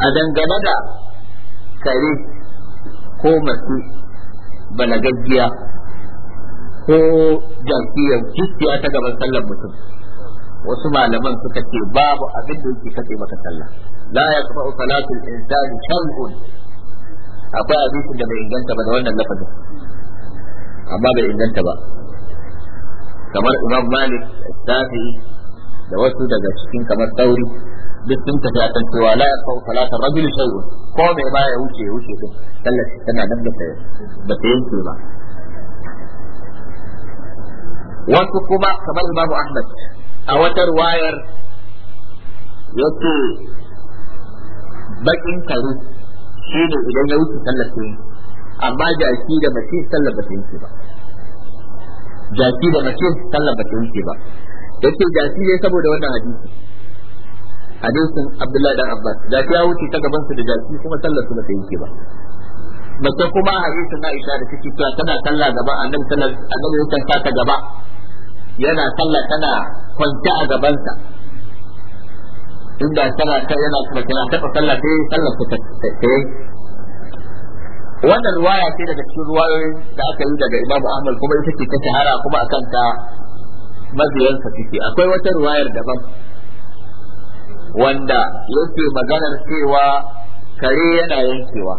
B: a dangane da kare ko mace balagajiya ko jam'iyyar kiskiya ta gaban sallar mutum wasu malaman suka ce babu abin da yake kace maka sallah la yaqra'u salatul insani shar'un akwai hadisin da bai inganta ba da wannan lafazin amma bai inganta ba kamar imam malik shafi'i da wasu daga cikin kamar dauri duk sun tafi akan cewa la ya kawo salatar rajul shay'un ko mai ba ya wuce wuce din sallar tana nan da ta da ta yanke ba wasu kuma kamar imam ahmad a wata ruwayar yace bakin karu shi ne idan ya wuce sallar ta amma jaki da mace sallar ba ta yi ba jaki da mace sallar ba ta yi ba yace jaki ne saboda wannan hadisi hadisin Abdullahi dan Abbas jaki ya wuce ta gaban su da jaki kuma sallar su ba ta yi ba mace kuma hadisin Aisha da take cewa tana sallah gaba annabi sallar alaihi wasallam yakan sa ta gaba yana sallah tana kwanta a gabansa inda tana ta yana kuma tana ta sallah sai sallar ta sai wannan ruwaya ce daga cikin ruwayoyin da aka yi daga Imam Ahmad kuma ita ce ta shahara kuma akan ta sa suke akwai wata ruwayar daban wanda yake maganar cewa kare yana yankewa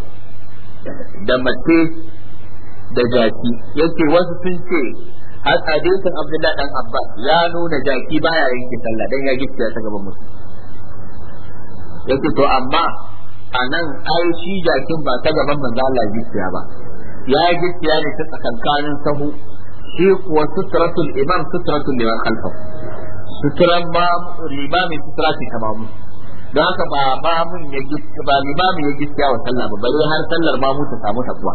B: da mace da jaki yake wasu sun ce har hadisin Abdullahi dan Abbas ya nuna jaki baya yanke sallah dan ya gicciya ta gaban musu yake to amma a nan ai shi jakin ba ta gaban manzo Allah gicciya ba ya gicciya ne ta tsakankanin sahu shi kuwa sutratul imam sutratul liman khalfa sutran ba limamin sutrati ta mamu don haka ba mamun ya gicciya ba limamin ya gicciya wa sallah ba bare har sallar mamu ta samu takwa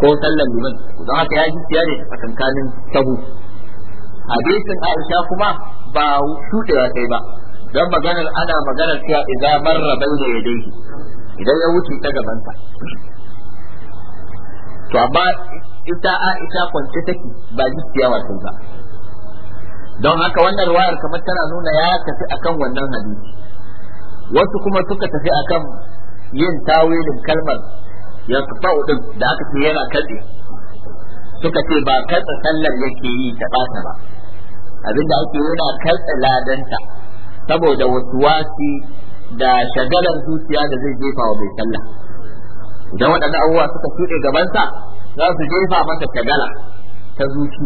B: ko sallar liman don haka ya gicciya ne ta tsakankanin sahu hadisin Aisha kuma ba shudewa sai ba Don maganar ana maganar cewa idza marra bayna yadayhi idan ya wuce ta gabansa to amma ita Aisha kwance take ba gaskiya wato ba don haka wannan ruwayar kamar tana nuna ya tafi akan wannan hadisi wasu kuma suka tafi akan yin tawilin kalmar ya kafa din da aka ce yana katse suka ce ba katsa sallar yake yi ta ba abinda ake yana katsa ladanta saboda wasu wasuwasi da shagalar zuciya da zai jefa wa mai sallah
C: idan waɗanda abubuwa
B: suka shuɗe gabansa za su jefa masa shagala ta zuci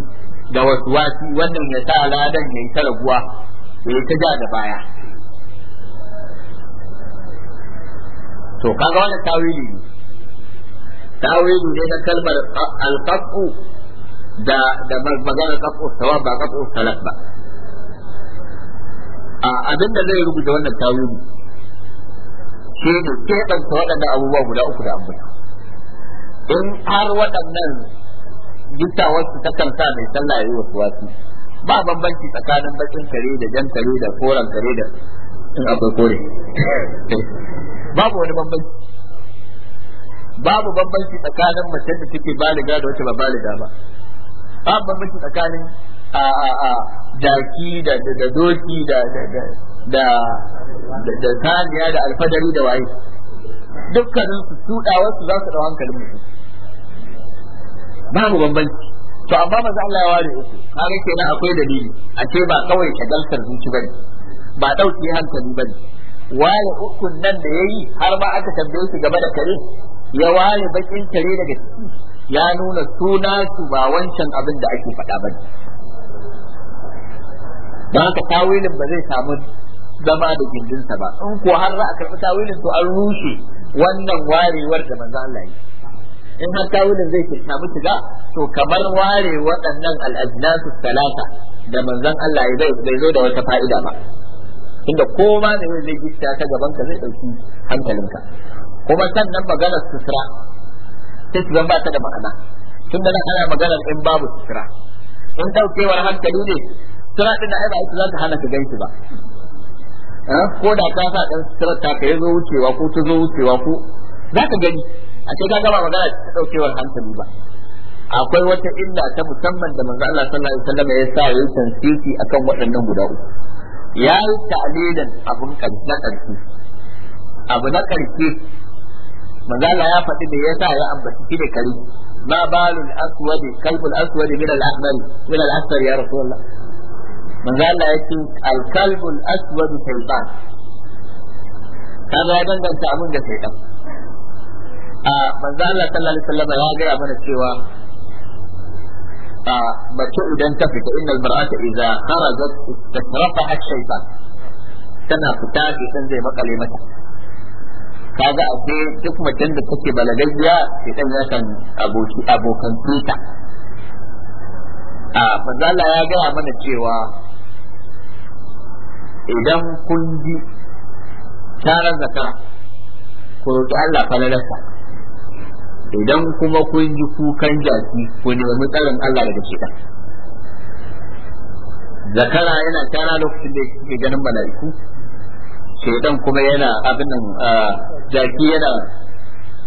B: da wasuwasi wannan ya sa ladan ya yi ta raguwa ya ta ja da baya to kaga wannan tawili ne tawili ne na kalmar alqafu da da maganar qafu ba qafu salat ba a abin da zai rubuta wannan tawili shi ne keɓanta waɗannan abubuwa guda uku da ambata in har waɗannan bisa wasu takan mai sallah ya yi wasu wasu ba bambanci tsakanin bakin kare da jan kare da koren kare da in akwai kore babu wani bambanci babu bambanci tsakanin mace da take baliga da wacce ba baliga ba babu bambanci tsakanin a a daki da da doki da da da da saniya da alfadari da waye dukkanin su tudawa su za su dau hankalin mutum babu bambanci to amma maza Allah ya ware uku kaga kenan akwai dalili a ce ba kawai ka shagaltar zuci bane ba dauke hankali bane Waye ukun nan da yayi har ma aka tambaye shi gaba da kare ya waye bakin kare daga ciki ya nuna suna su ba wancan abin da ake faɗa bane don haka tawilin ba zai samu zama da gindinsa ba in ko har za a karɓi tawilin to an rushe wannan warewar da manzo Allah yi in har tawilin zai ke samu shiga to kamar ware waɗannan al'ajnasu talata da manzon Allah ya bai zo da wata fa'ida ba inda koma ne zai gicciya ta gaban ka zai ɗauki hankalinka kuma sannan maganar sutura sai su ba ta da ma'ana tun da ana maganar in babu sutura in ɗaukewar hankali ne sutura din da ai ba ita za ta hana ka ganki ba ko da ka sa ɗan sutura ta ka zo wucewa ko ta zo wucewa ko za ka gani a ce ka gama magana ta ɗaukewar hankali ba akwai wata illa ta musamman da manzo Allah sallallahu alaihi wasallam ya sa yayin tansiki akan waɗannan guda uku ya yi ta'lilan abun karshe na karshe abu na karshe manzo Allah ya faɗi da sa ya ambaci shi da kare ma balul aswadi kalbul aswadi min al-ahmar min al-asfar ya rasulullah manzo Allah ya ce al-kalbul aswad shaytan kaga ya danganta abin da shaytan a manzo Allah sallallahu alaihi wasallam ya ga mana cewa a mace idan ta fita innal mar'ata idza kharajat istakrafa ash-shaytan tana fita san zai makale mata kaga ashe duk mutum da take balagaggiya shaytan ya san aboki abokan tuta a manzo Allah ya ga mana cewa idan kun ji tara zaka ku roƙi Allah falalarsa idan kuma kun ji kukan jaki ku nemi tsarin Allah daga shida zakara yana tara lokacin da yake ganin mala'iku shaidan kuma yana abin nan jaki yana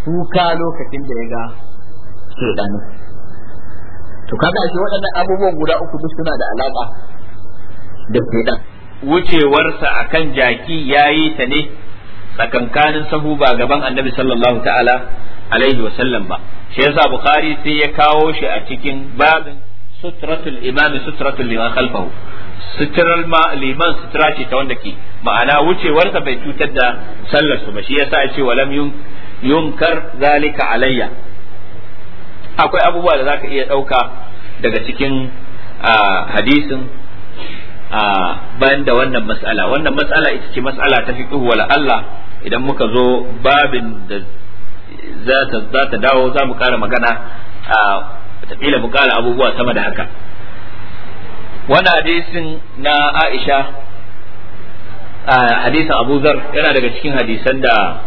B: kuka lokacin da ya ga shaidan to kaga shi waɗannan abubuwan guda uku duk suna da alaƙa da shaidan
A: wucewarsa a kan jaki yayi ta ne tsakankanin sahu ba gaban annabi sallallahu ta'ala alaihi wa sallam ba shi yasa bukhari sai ya kawo shi a cikin babin sutratul imam sutratul liman khalfahu liman sutura ce ta wanda ke ma'ana wucewarsa bai cutar da sallar su ba shi yasa ya ce walam yunkar zalika alayya akwai abubuwa da zaka iya dauka daga cikin ah, hadisin bayan da wannan mas'ala wannan matsala ita ce matsala ta fiqh wala Allah idan muka zo babin da za ta za ta dawo za mu kara magana a tafiya mu kara abubuwa sama da haka wannan hadisin na Aisha hadisin Abu Zar yana daga cikin hadisan da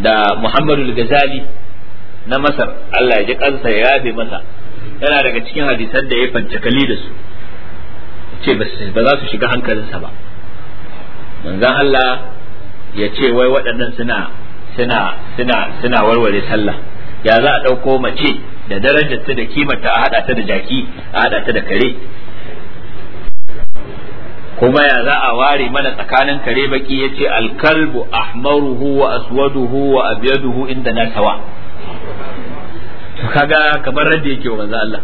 A: da Muhammadu Ghazali na Masar Allah ya ji kansa ya yabe masa yana daga cikin hadisan da ya fancakali da su ce ba za su shiga hankalinsa ba manzan Allah ya ce wai waɗannan suna suna suna suna warware sallah ya za a ɗauko mace da darajar ta da kimata a haɗa ta da jaki a haɗa ta da kare kuma ya za a ware mana tsakanin kare baki ya ce alkalbu ahmaruhu wa aswaduhu wa abyaduhu inda na sawa kaga kamar radda yake wa manzan Allah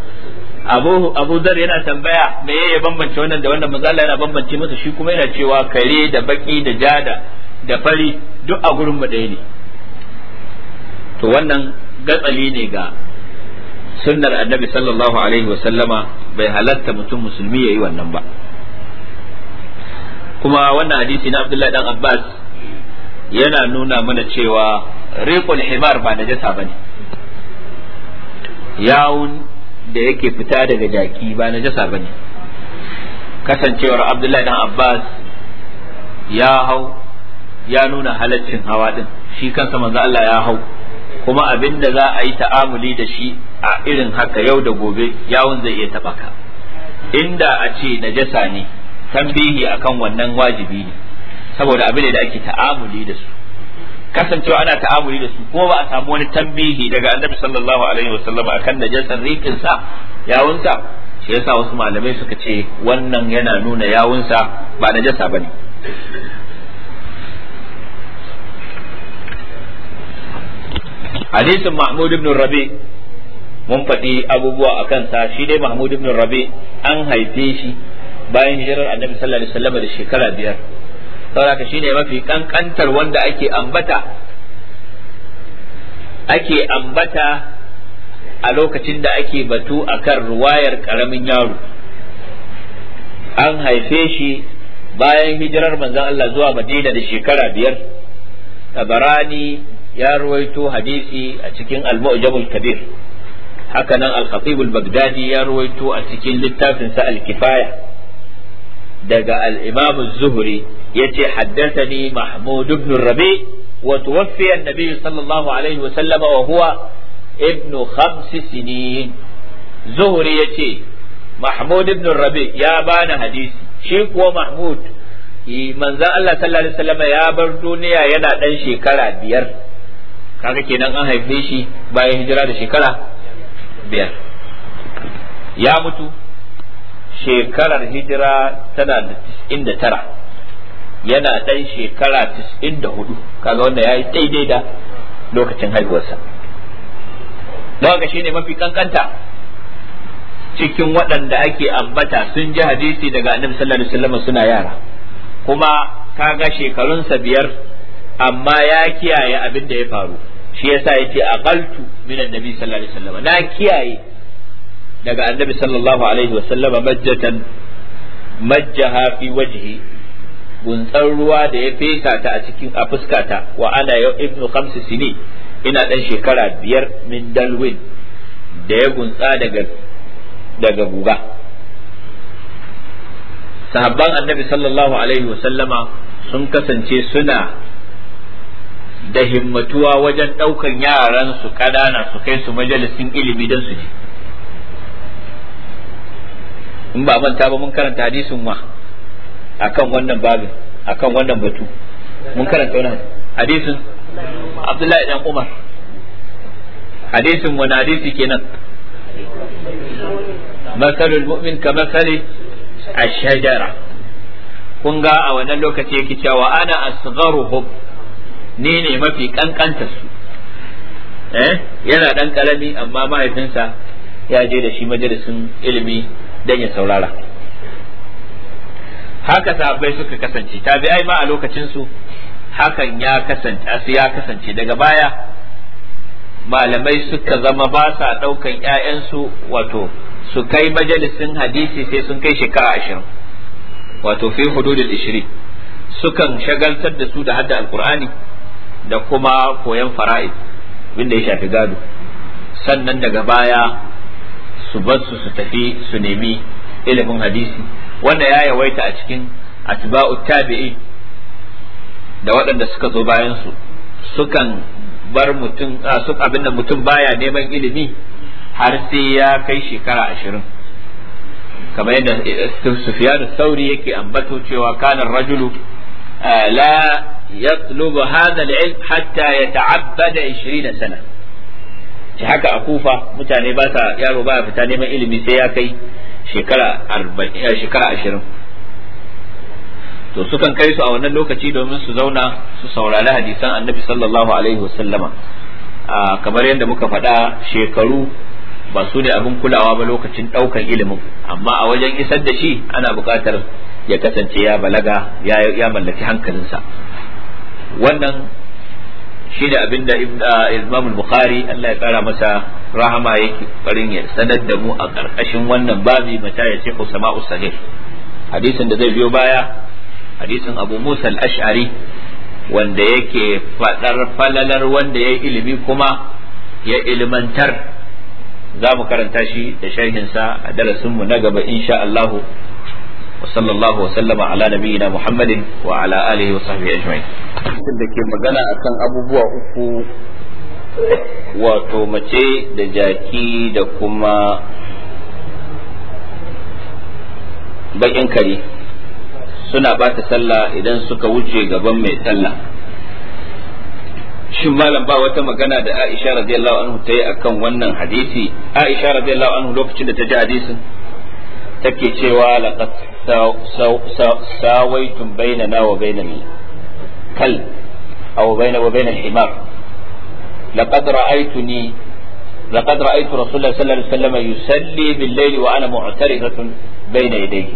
A: abu zar yana tambaya me ya bambance wannan da wannan manzala yana bambance masa shi kuma yana cewa kare da baki da jada da fari duk a gurin mu ɗaya ne to wannan gatsali ne ga sunnar annabi sallallahu alaihi wa sallama bai halatta mutum musulmi yayi wannan ba kuma wannan hadisi na abdullahi dan abbas yana nuna mana cewa riqul himar ba najasa bane yawun da yake fita daga jaki ba na jasa ba ne. kasancewar abdullahi dan abbas ya hau ya nuna halaccin hawa din shi kansa manzo Allah ya hau kuma abin da za a yi ta'amuli da shi a irin haka yau da gobe yawon zai iya taɓa inda a ce najasa ne tambihi akan wannan wajibi ne saboda abin da ake ta'amuli da su kasancewa ana ta'amuli da su kuma ba a samu wani tambihi daga annabi sallallahu alaihi wasallam akan najasar rikin sa yawunsa shi yasa wasu malamai suka ce wannan yana nuna yawunsa ba najasa bane hadisin mahmud ibn rabi mun faɗi abubuwa a kansa shi dai mahmud ibn rabi an haife shi bayan hijirar annabi sallallahu alaihi wasallam da shekara biyar saboda shine mafi kankantar wanda ake ambata ake ambata a lokacin da ake batu akan ruwayar karamin yaro an haife shi bayan hijirar manzon Allah zuwa Madina da shekara biyar tabarani ya ruwaito hadisi a cikin al-mu'jamul kabir haka nan al-khatib al-baghdadi ya ruwaito a cikin littafinsa al-kifaya daga al-imam az-zuhri yace haddathani mahmud ibn rabi wa tuwaffiya an-nabi sallallahu alaihi wa sallama wa huwa ibn khams sinin zuhri yace mahmud ibn rabi ya bani hadisi shi kuwa mahmud manzon Allah sallallahu alaihi wasallam ya bar duniya yana ɗan shekara biyar kaga kenan an haife shi bayan hijira da shekara biyar ya mutu shekarar hijira tana da tara yana ɗan shekara 94 kaga wanda ya yi daidai da lokacin haihuwarsa don haka shine mafi kankanta cikin waɗanda ake ambata sun ji hadisi daga annabi sallallahu alaihi wasallam suna yara kuma kaga shekarunsa biyar amma ya kiyaye abin da ya faru shi yasa a aqaltu min annabi sallallahu alaihi wasallam na kiyaye daga annabi sallallahu alaihi wasallam majjatan majjaha fi wajhi guntsar ruwa da ya fesa ta a cikin a fuskata wa ana yau ibnu khamsi sini ina dan shekara biyar min dalwin da ya guntsa daga daga guga sahabban annabi sallallahu alaihi wa sun kasance suna da himmatuwa wajen ɗaukar yaran su kadana su kai su majalisin ilimi don su ji in ba manta ba mun karanta hadisin wa akan wannan babin akan wannan batu mun karanta wannan hadisin Abdullahi dan Umar hadisin wani hadisi kenan masalul mu'min ka masali ashajara kun ga a wannan lokaci yake cewa ana asgharuhum ni ne mafi kankanta su eh yana dan karami amma mahaifinsa ya je da shi majalisin ilimi dan ya saurara haka sahabbai suka kasance tabi'ai ma a lokacin su hakan ya kasance ya kasance daga baya malamai suka zama ba sa daukan ƴaƴansu wato su kai majalisin hadisi sai sun kai shekara ashirin wato fi hududul ishirin sukan shagaltar da su da hadda alkur'ani da kuma koyan fara'id wanda ya shafi gado sannan daga baya su bar su su tafi su nemi ilimin hadisi wanda ya yawaita a cikin atiba'u tabi'i da waɗanda suka zo bayan su sukan bar mutum su abinda mutum baya neman ilimi har sai ya kai shekara ashirin kamar yadda eh, sufiyanu sauri yake ambato cewa kanan rajulu eh, la yatlubu hadha al-ilm hatta yata'abbada 20 sana haka a kufa mutane ba sa yaro ba fita neman ilimi sai ya kai Eh, shekara ashirin to sukan kai su a wannan lokaci domin su zauna su saurari hadisan annabi sallallahu alaihi wasallama kamar yadda muka faɗa shekaru ba su ne abin kulawa ba lokacin ɗaukar ilimin amma a wajen isar da shi ana buƙatar ya kasance ya balaga ya mallaki hankalinsa wannan shine abinda ah, Imam Bukhari Allah ya kara masa rahama yake farin ya sanar da mu a ƙarƙashin wannan babi mata ya ce Usama'u Sahih hadisin da zai biyo baya hadisin Abu Musa al-Ash'ari wanda yake fadar falalar wanda ya ilimi kuma ya ilmantar za mu karanta shi da sharhinsa a darasinmu na gaba insha Allahu وصلى الله وسلم على نبينا محمد وعلى آله وصحبه أجمعين ke magana akan abubuwa uku wato mace da jaki da kuma bakin kare suna bata sallah idan suka wuce gaban mai sallah shin malam ba wata magana da Aisha radiyallahu anhu ta yi akan wannan hadisi Aisha radiyallahu anhu lokacin da ta ji hadisin take cewa laqad sawaitum bainana wa bainal kal aw baina wa bainal himar laqad ra'aytuni لقد رأيت رسول الله صلى الله عليه وسلم يصلي بالليل وأنا معترضة بين يديه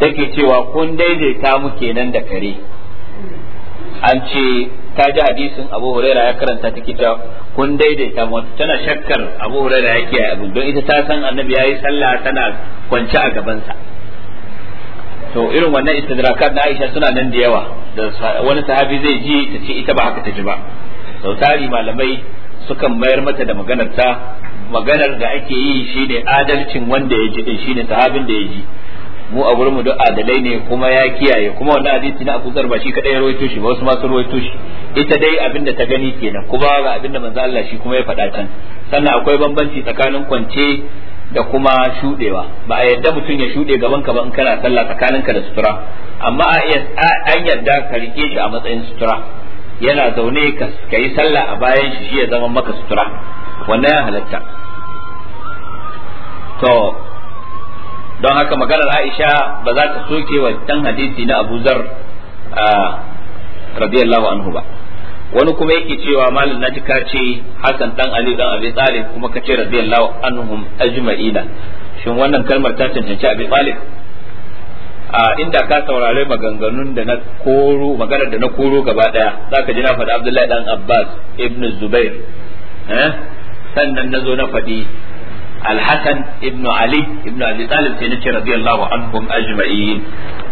A: take cewa kun daidaita mu kenan da kare an ce ta ji hadisin abu huraira ya karanta take cewa kun daidaita wata tana shakkar Abu da yake abu don ita ta san Annabi yi sallah tana kwance a gabansa. to irin wannan istidrakat na Aisha suna nan da yawa da wani sahabi zai ji ta ce ita ba haka ta ji ba sau tari malamai sukan mayar mata da maganar ta maganar da ake yi shine adalcin wanda ya ji din shine sahabin da ya ji mu a gurin mu duk adalai ne kuma ya kiyaye kuma wannan hadisi na Abu Zar ba shi kadai ya rawaito shi ba wasu ma sun rawaito shi ita dai abinda ta gani kenan kuma ga abinda manzo Allah shi kuma ya faɗa can sannan akwai bambanci tsakanin kwance da kuma shudewa ba a yadda mutum ya shude gaban ka ba in kana sallah tsakanin ka da sutura amma an yadda ka rike shi a matsayin sutura yana zaune ka yi sallah a bayan shi shi ya zama maka sutura wannan ya halatta to don haka maganar Aisha ba za ta soke wa dan hadisi na Abu Zar radiyallahu anhu ba wani kuma yake cewa malam naji ka ce Hassan dan Ali dan Abi Talib kuma ka ce radiyallahu anhum ajma'ina shin wannan kalmar ta cancanci Abi Talib a inda ka saurare maganganun da na koro maganar da na koro gaba daya zaka ji na faɗi Abdullahi dan Abbas ibn Zubair eh sannan na zo na faɗi الحسن ابن علي ابن ابي طالب talib sai nace radiyallahu anhum ajma'in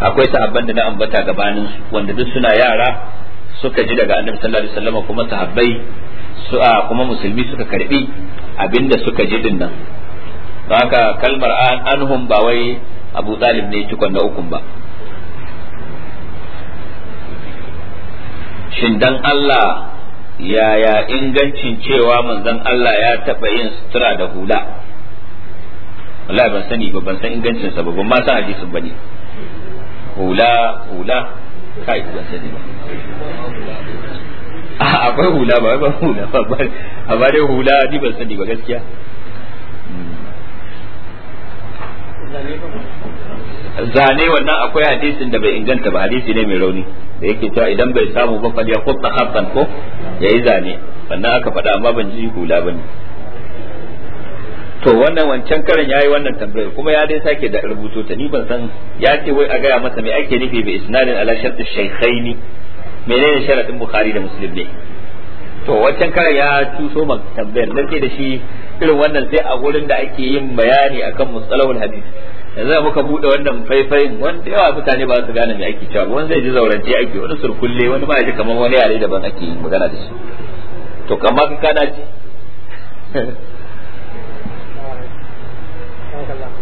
A: akwai da na ambata gabanin su wanda duk suna yara suka ji daga annabi sallallahu alaihi wasallam kuma sahabbai su kuma musulmi suka karbi abinda suka ji din nan haka kalmar anhum ba wai abu talib ne cikon na ukun ba shin dan Allah yaya ingancin cewa manzon Allah ya taɓa yin sutura da hula wallahi ban sani ba ban san ingancin sa ba ban ma san hadisin bane hula hula kai ban sani ba akwai hula ba ba hula ba A ba dai hula ni ban sani ba gaskiya
C: hmm.
A: zane wannan akwai hadisin da bai inganta ba hadisi ne mai rauni da yake cewa idan bai samu ba fa ya kutta haqqan ko yayi zane wannan aka faɗa amma ban ji hula bane to wannan wancan karan yi wannan tambayar kuma ya dai sake da rubuto ta ni ban san ya ce wai a gaya masa me ake nufi bai isnadin ala shartu shaykhaini menene sharadin bukhari da muslim ne to wancan karan ya tuso ma tambayar nake da shi irin wannan sai a gurin da ake yin bayani akan mustalahul hadith yanzu muka bude wannan faifayin wanda yawa mutane ba su gane me ake cewa wani zai ji zaurance ake wani surkulle wani ba ji kamar wani yare daban ake magana da shi to kamar kana ji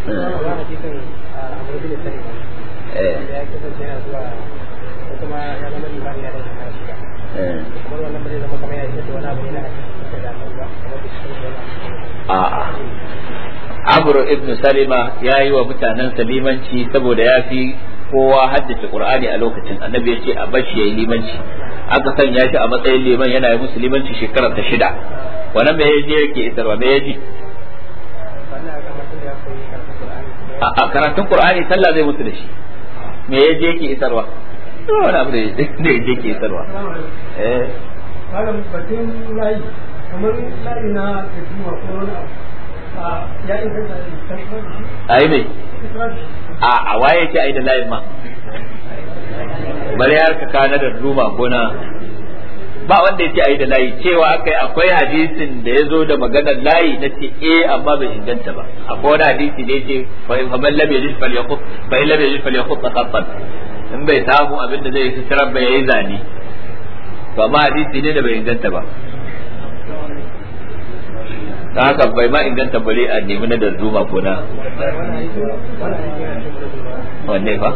A: a'a ibn salima ya yi wa mutanen salimanci saboda ya fi kowa haddace qur'ani a lokacin annabi ya ce a bashi yi limanci aka sanya shi a matsayin liman yana yi musu limanci shekarar ta shida wannan mai yaji yake isarwa mai yaji
C: a karatun
A: qur'ani sallah zai mutu da shi me ya je ki isarwa wani abu da ya je ki isarwa eh
C: batun layi kamar layi na tafiya ko wani abu ya inganta ayi ne
A: a a waye ke ayi da layin ma bari har ka kana da ruma ko na ba wanda ya ce a yi da layi cewa akai akwai hadisin da ya zo da maganar layi na ce eh amma bai inganta ba akwai wani hadisi da ya ce fa in faman lam yajid fal yaqut fa in lam yajid fal in bai samu abin da zai fitarar ba yayi zani to amma hadisi ne da bai inganta ba ta haka bai ma inganta bare a nemi na darduma ko na wanne ba?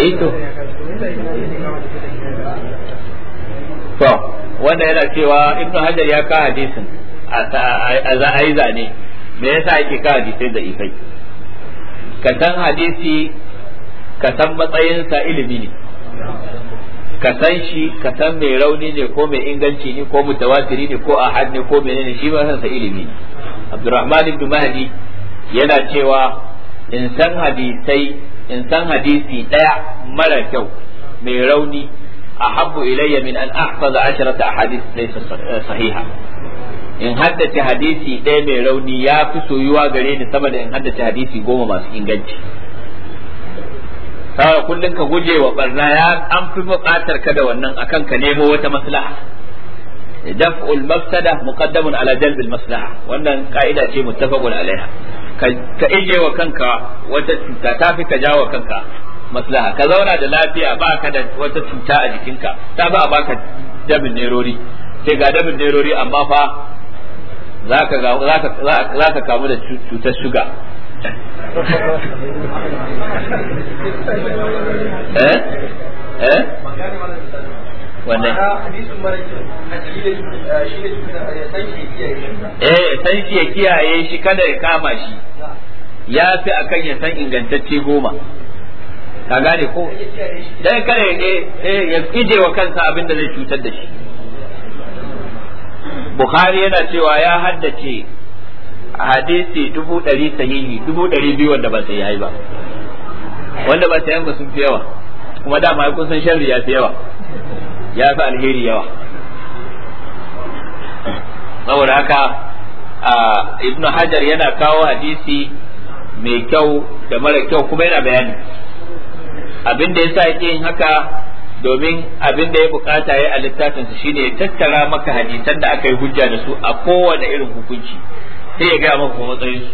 A: eh to to wanda yana cewa ibnu hajar ya ka hadisin a za a yi zane me yasa ake ka hadisai da ifai ka san hadisi ka san matsayinsa ilimi ne ka san shi ka san mai rauni ne ko mai inganci ne ko mutawatiri ne ko ahad ne ko menene shi ba sansa ilimi Abdurrahman ibn Mahdi yana cewa in san hadisai in san hadisi daya mara kyau mai rauni ahabbu yamin min an a asharata ahadith laysa sahiha in haddace hadisi ɗaya mai rauni ya fi soyuwa gare ni sama da in haddace hadisi goma masu inganci sawa kullum ka guje wa barna ya an fi buƙatar ka da wannan akan ka nemo wata maslaha daf'ul mafsada muqaddamun ala jalbil maslaha wannan ka'ida ce muttafaqun alaiha ka ije wa kanka wata cuta ta fi ka jawo kanka maslaha ka zauna da lafiya ba ka da wata cuta a jikinka ta ba ba ka damin nerori sai ga damin nerori amma fa za ka kamu da cutar shuga
C: eh eh wannan eh
A: san shi ya kiyaye shi kada ya kama shi ya fi akan ya san ingantacce goma ka gane ko dai kare ne eh, ya ije wa kansa abin da zai cutar da shi bukhari yana cewa ya haddace hadisi dubu ɗari sahihi dubu ɗari biyu wanda ba sai yayi ba wanda ba sai ba sun fi yawa kuma dama kun san sharri ya fi yawa ya fi alheri yawa saboda haka ibnu hajar yana kawo hadisi mai kyau da mara kyau kuma yana bayani abin da yasa yake yin haka domin abin da ya bukata ya a littafin su shine ya tattara maka hadisan da aka yi hujja da su a kowane irin hukunci sai ya gaya maka matsayin su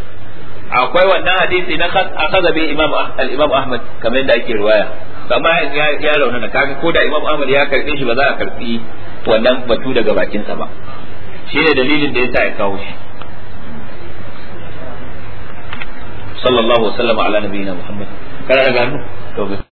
A: akwai wannan hadisi na akhadha bi imam al-imam ahmad kamar yadda ake riwaya Kamar ya raunana kaga ko da imam ahmad ya karbe shi ba za a karbi wannan batu daga bakin sa ba shine dalilin da yasa ya kawo shi sallallahu alaihi wa sallam ala nabiyina muhammad kana da hannu to